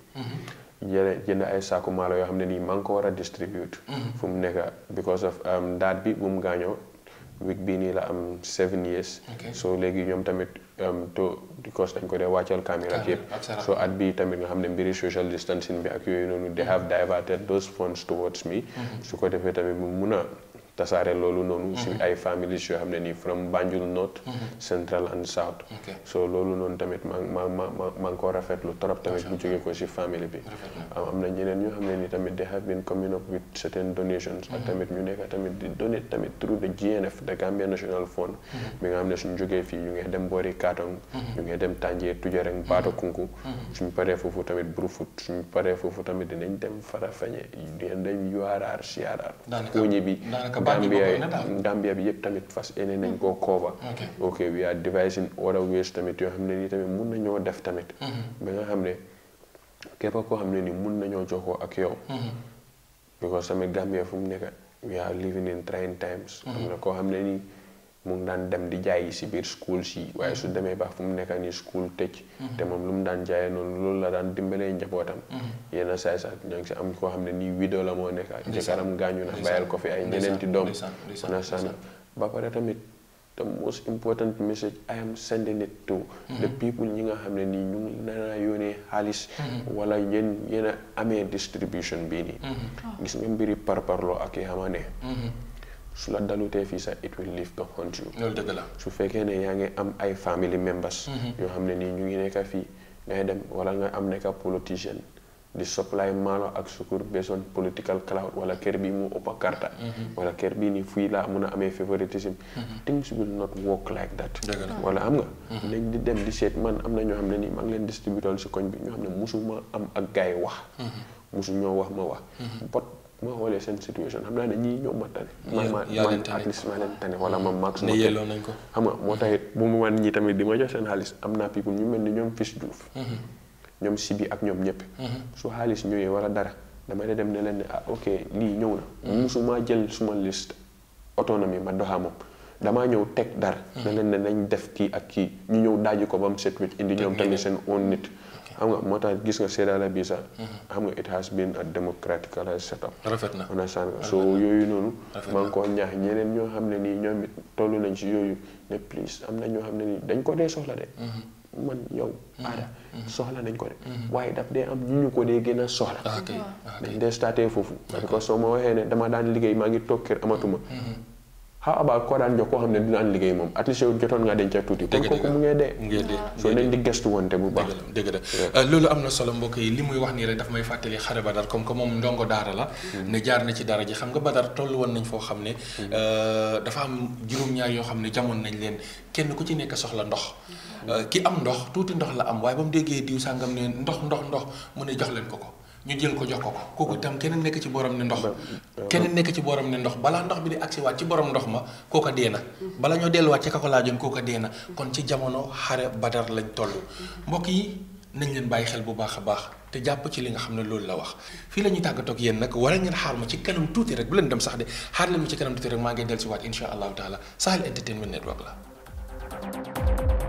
jëlee ay saaku maalo yoo xam ne nii maa ngi ko war a distribute. fu mu nekk because of um, daat bi bu mu gaañoo week bii nii la am seven years. so léegi ñoom tamit um, to because dañ ko dee wàccal caméra ak yëpp. so at bii tamit nga xam ne mbiri social distancing bi ak yooyu noonu they have diverted those funds towards me. su ko defee tamit mu mun a. tasaare loolu noonu. si mhm. ay families yoo xam ne nii from Banjul North. Mhm. Central and South. so loolu noonu tamit ma ma ma ma ngi ko rafetlu trop tamit bu jógee ko si family bi. am na ñeneen ñoo xam ne nii tamit they have been coming up with certain donations. ak mhm. tamit ñu nekk tamit di donate tamit through the GNF the Gambia National Fund. mi nga xam ne su suñ jógee fii ñu ngi dem boori Katong. ñu ngi dem Tanjee Tujereng Bato Kunku. suñ paree foofu tamit Brufut suñ paree foofu tamit dinañ dem Farafenni dinañ dem URR CRR. daanaka bi Gambia Gambia bi yëpp tamit fas yéene nañ koo cover ok we are devising other ways tamit yoo xam ne nii mun nañoo def tamit mm-hmm. ba nga xam ne képp koo xam ne nii mun nañoo jokkoo ak yow mm-hmm. because tamit Gambia fu mu nekk we are living in trying times mm-hmm. am xam ne nii mu ngi daan dem di jaayi si biir schools yi waaye su demee ba fu mu nekk nii school tëj mhm. te moom lu mu daan jaayee noonu loolu la daan dimbalee njabootam mhm. yenn saay sax ñoo ngi si am koo xam ne nii widow la moo nekk jëkkëram gaañu na bàyyil ko fi ay ñeneenti doom understand ba pare tamit the most important message I am sending it to mhm. the people ñi nga xam ne nii ñu ne nana yónnee xaalis wala yéen yéen a amee distribution bii nii
oh. gis
nga mbiri parparloo ak yi xama ne su la dalutee fii sax it will leave behind you. su fekkee ne yaa ngi am ay family members. Mm-hmm. yoo xam ne nii ñu ngi nekk fii ngay dem wala nga am nekk politicien di supply maalo ak sukur based on political cloud wala kër bi mu ëpp karta mm-hmm. wala kër bi ni fii laa mun a amee favoritism mm-hmm. things will not work like that wala am nga nañ di dem di seet man am na ñoo xam ne nii maa ngi leen distributoon si koñ bi ñoo xam ne musuma am ak gaay wax musu ñoo wax ma wax boo xoolee seen situation xam naa ne ñii ñoo ma tane. man man at least ma leen tane wala ma max. ne ko xam moo taxit bu mu tamit di ma jox seen xaalis am naa people ñu ni ñoom Fils Diouf. Mhm. ñoom Sibi ak ñoom ñëpp. Mhm. su xaalis ñëwee wala dara dama de dem ne leen ne ah ok lii ñëw na. Mhm. musuma jël suma liste autonomie ma doxaa moom. damaa ñëw teg dara. ne leen ne nañ def kii ak kii ñu ñëw daaji ko bam mu set wecc indi ñoom tamit seen own nit. xam nga moo tax gis nga séedaala bi sax mhm. xam nga it has been a democratic setup rafet na understand nga so yooyu noonu maa ngi koo ñaax ñeneen ñoo xam ne nii ñoom it toll nañ si yooyu ne please am na ñoo xam ne nii dañ ko dee soxla de mhm. man yow aada mhm. soxla nañ ko de waaye daf dee am ñu ñu ko dee gën a soxla ah, ah, dañ dee starté foofu parce que soo ma waxee ne dama daan liggéey maa ngi toog kër amatuma how about koo daan jox koo xam ne dina am liggéey moom at least yow jotoon ngaa denc tuuti. dëgg kooku mu ngay dee. soo nañ di gëstu wante bu baax. Euh, loolu
am na solo mbokk yi li muy wax nii rek daf may fàttali xare Badar comme que moom ndongo daara la. Mm-hmm. ne jaar na ci daara ji xam nga Badar toll woon nañ foo xam ne. Mm-hmm. Euh, dafa am juróom-ñaar yoo xam ne jamoon nañ leen kenn ku ci nekk soxla ndox. Mm-hmm. Euh, ki am ndox tuuti ndox la am waaye ba mu déggee diw ne ndox ndox ndox mu ne jox leen ko ko ñu jël ko jox ko ko kooku itam keneen nekk ci borom ne ndox keneen nekk ci borom ne ndox balaa ndox bi di agsi waat ci borom ndox ma kooka dee na bala ñoo delluwaat ci kako laajoon kooka dee na kon ci jamono xare badar lañ toll mbokk yi nañ leen bàyyi xel bu baax a baax te jàpp ci li nga xam ne loolu la wax fii la ñuy tàggatoog yéen nag wala ngeen xaal ma ci kanam tuuti rek bu leen dem sax de xaar leen ma ci kanam tuuti rek maa ngi dellu si waat insha allahu taala Sahel Entertainment Network la